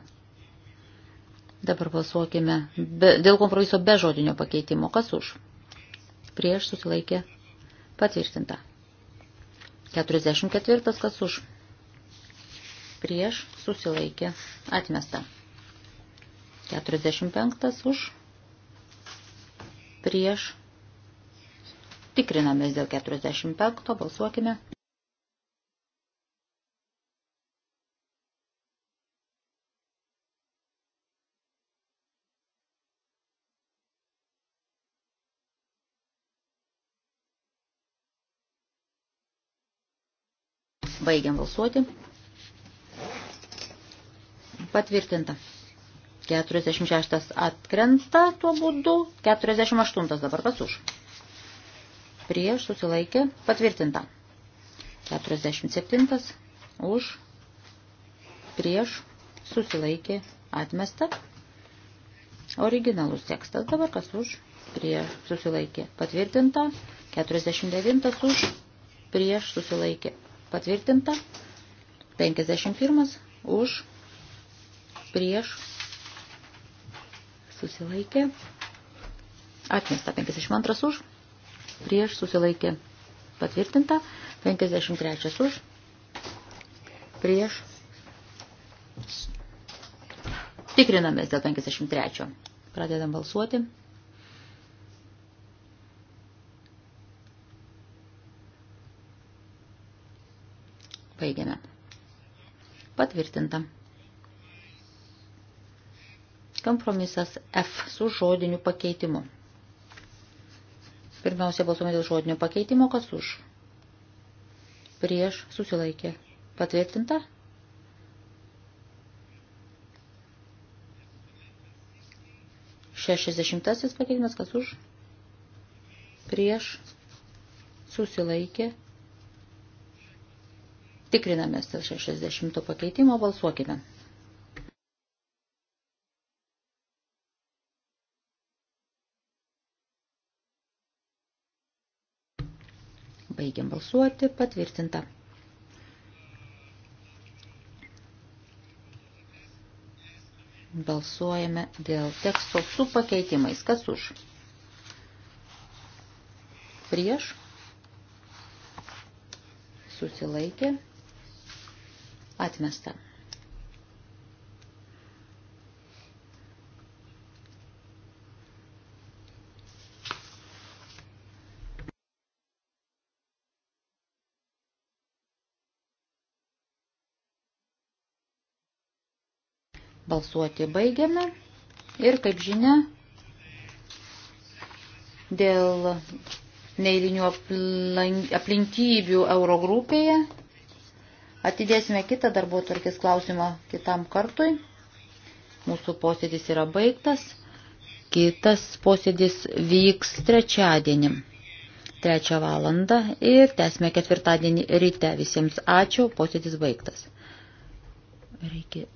Dabar balsuokime be, dėl kompromiso be žodinio pakeitimo. Kas už? Prieš susilaikė patvirtinta. 44. Kas už? Prieš susilaikė atmesta. 45. Už prieš. Tikrinamės dėl 45, balsuokime. Baigiam balsuoti. Patvirtinta. 46 atkrenta tuo būdu, 48 dabar kas už. Prieš susilaikė patvirtinta. 47 už, prieš susilaikė atmesta. Originalus tekstas dabar kas už, prieš susilaikė patvirtinta. 49 už, prieš susilaikė patvirtinta. 51 už, prieš susilaikė. Atmesta 52 už, prieš susilaikė patvirtinta, 53 už, prieš. Tikrinamės dėl 53. Pradedam balsuoti. Baigiame. Patvirtinta. Kompromisas F su žodiniu pakeitimu. Pirmiausia, balsuome dėl žodinio pakeitimo, kas už. Prieš susilaikė. Patvirtinta? Šešiasdešimtasis pakeitimas, kas už. Prieš susilaikė. Tikrinamės dėl 60 pakeitimo, balsuokime. Baigiam balsuoti. Patvirtinta. Balsuojame dėl teksto su pakeitimais. Kas už? Prieš. Susilaikė. Atmesta. Balsuoti baigiame. Ir kaip žinia, dėl neįlinių aplinkybių Eurogrupėje atidėsime kitą darbo tvarkės klausimą kitam kartui. Mūsų posėdis yra baigtas. Kitas posėdis vyks trečiadienį. Trečią valandą ir tęsime ketvirtadienį ryte. Visiems ačiū, posėdis baigtas. Reikia.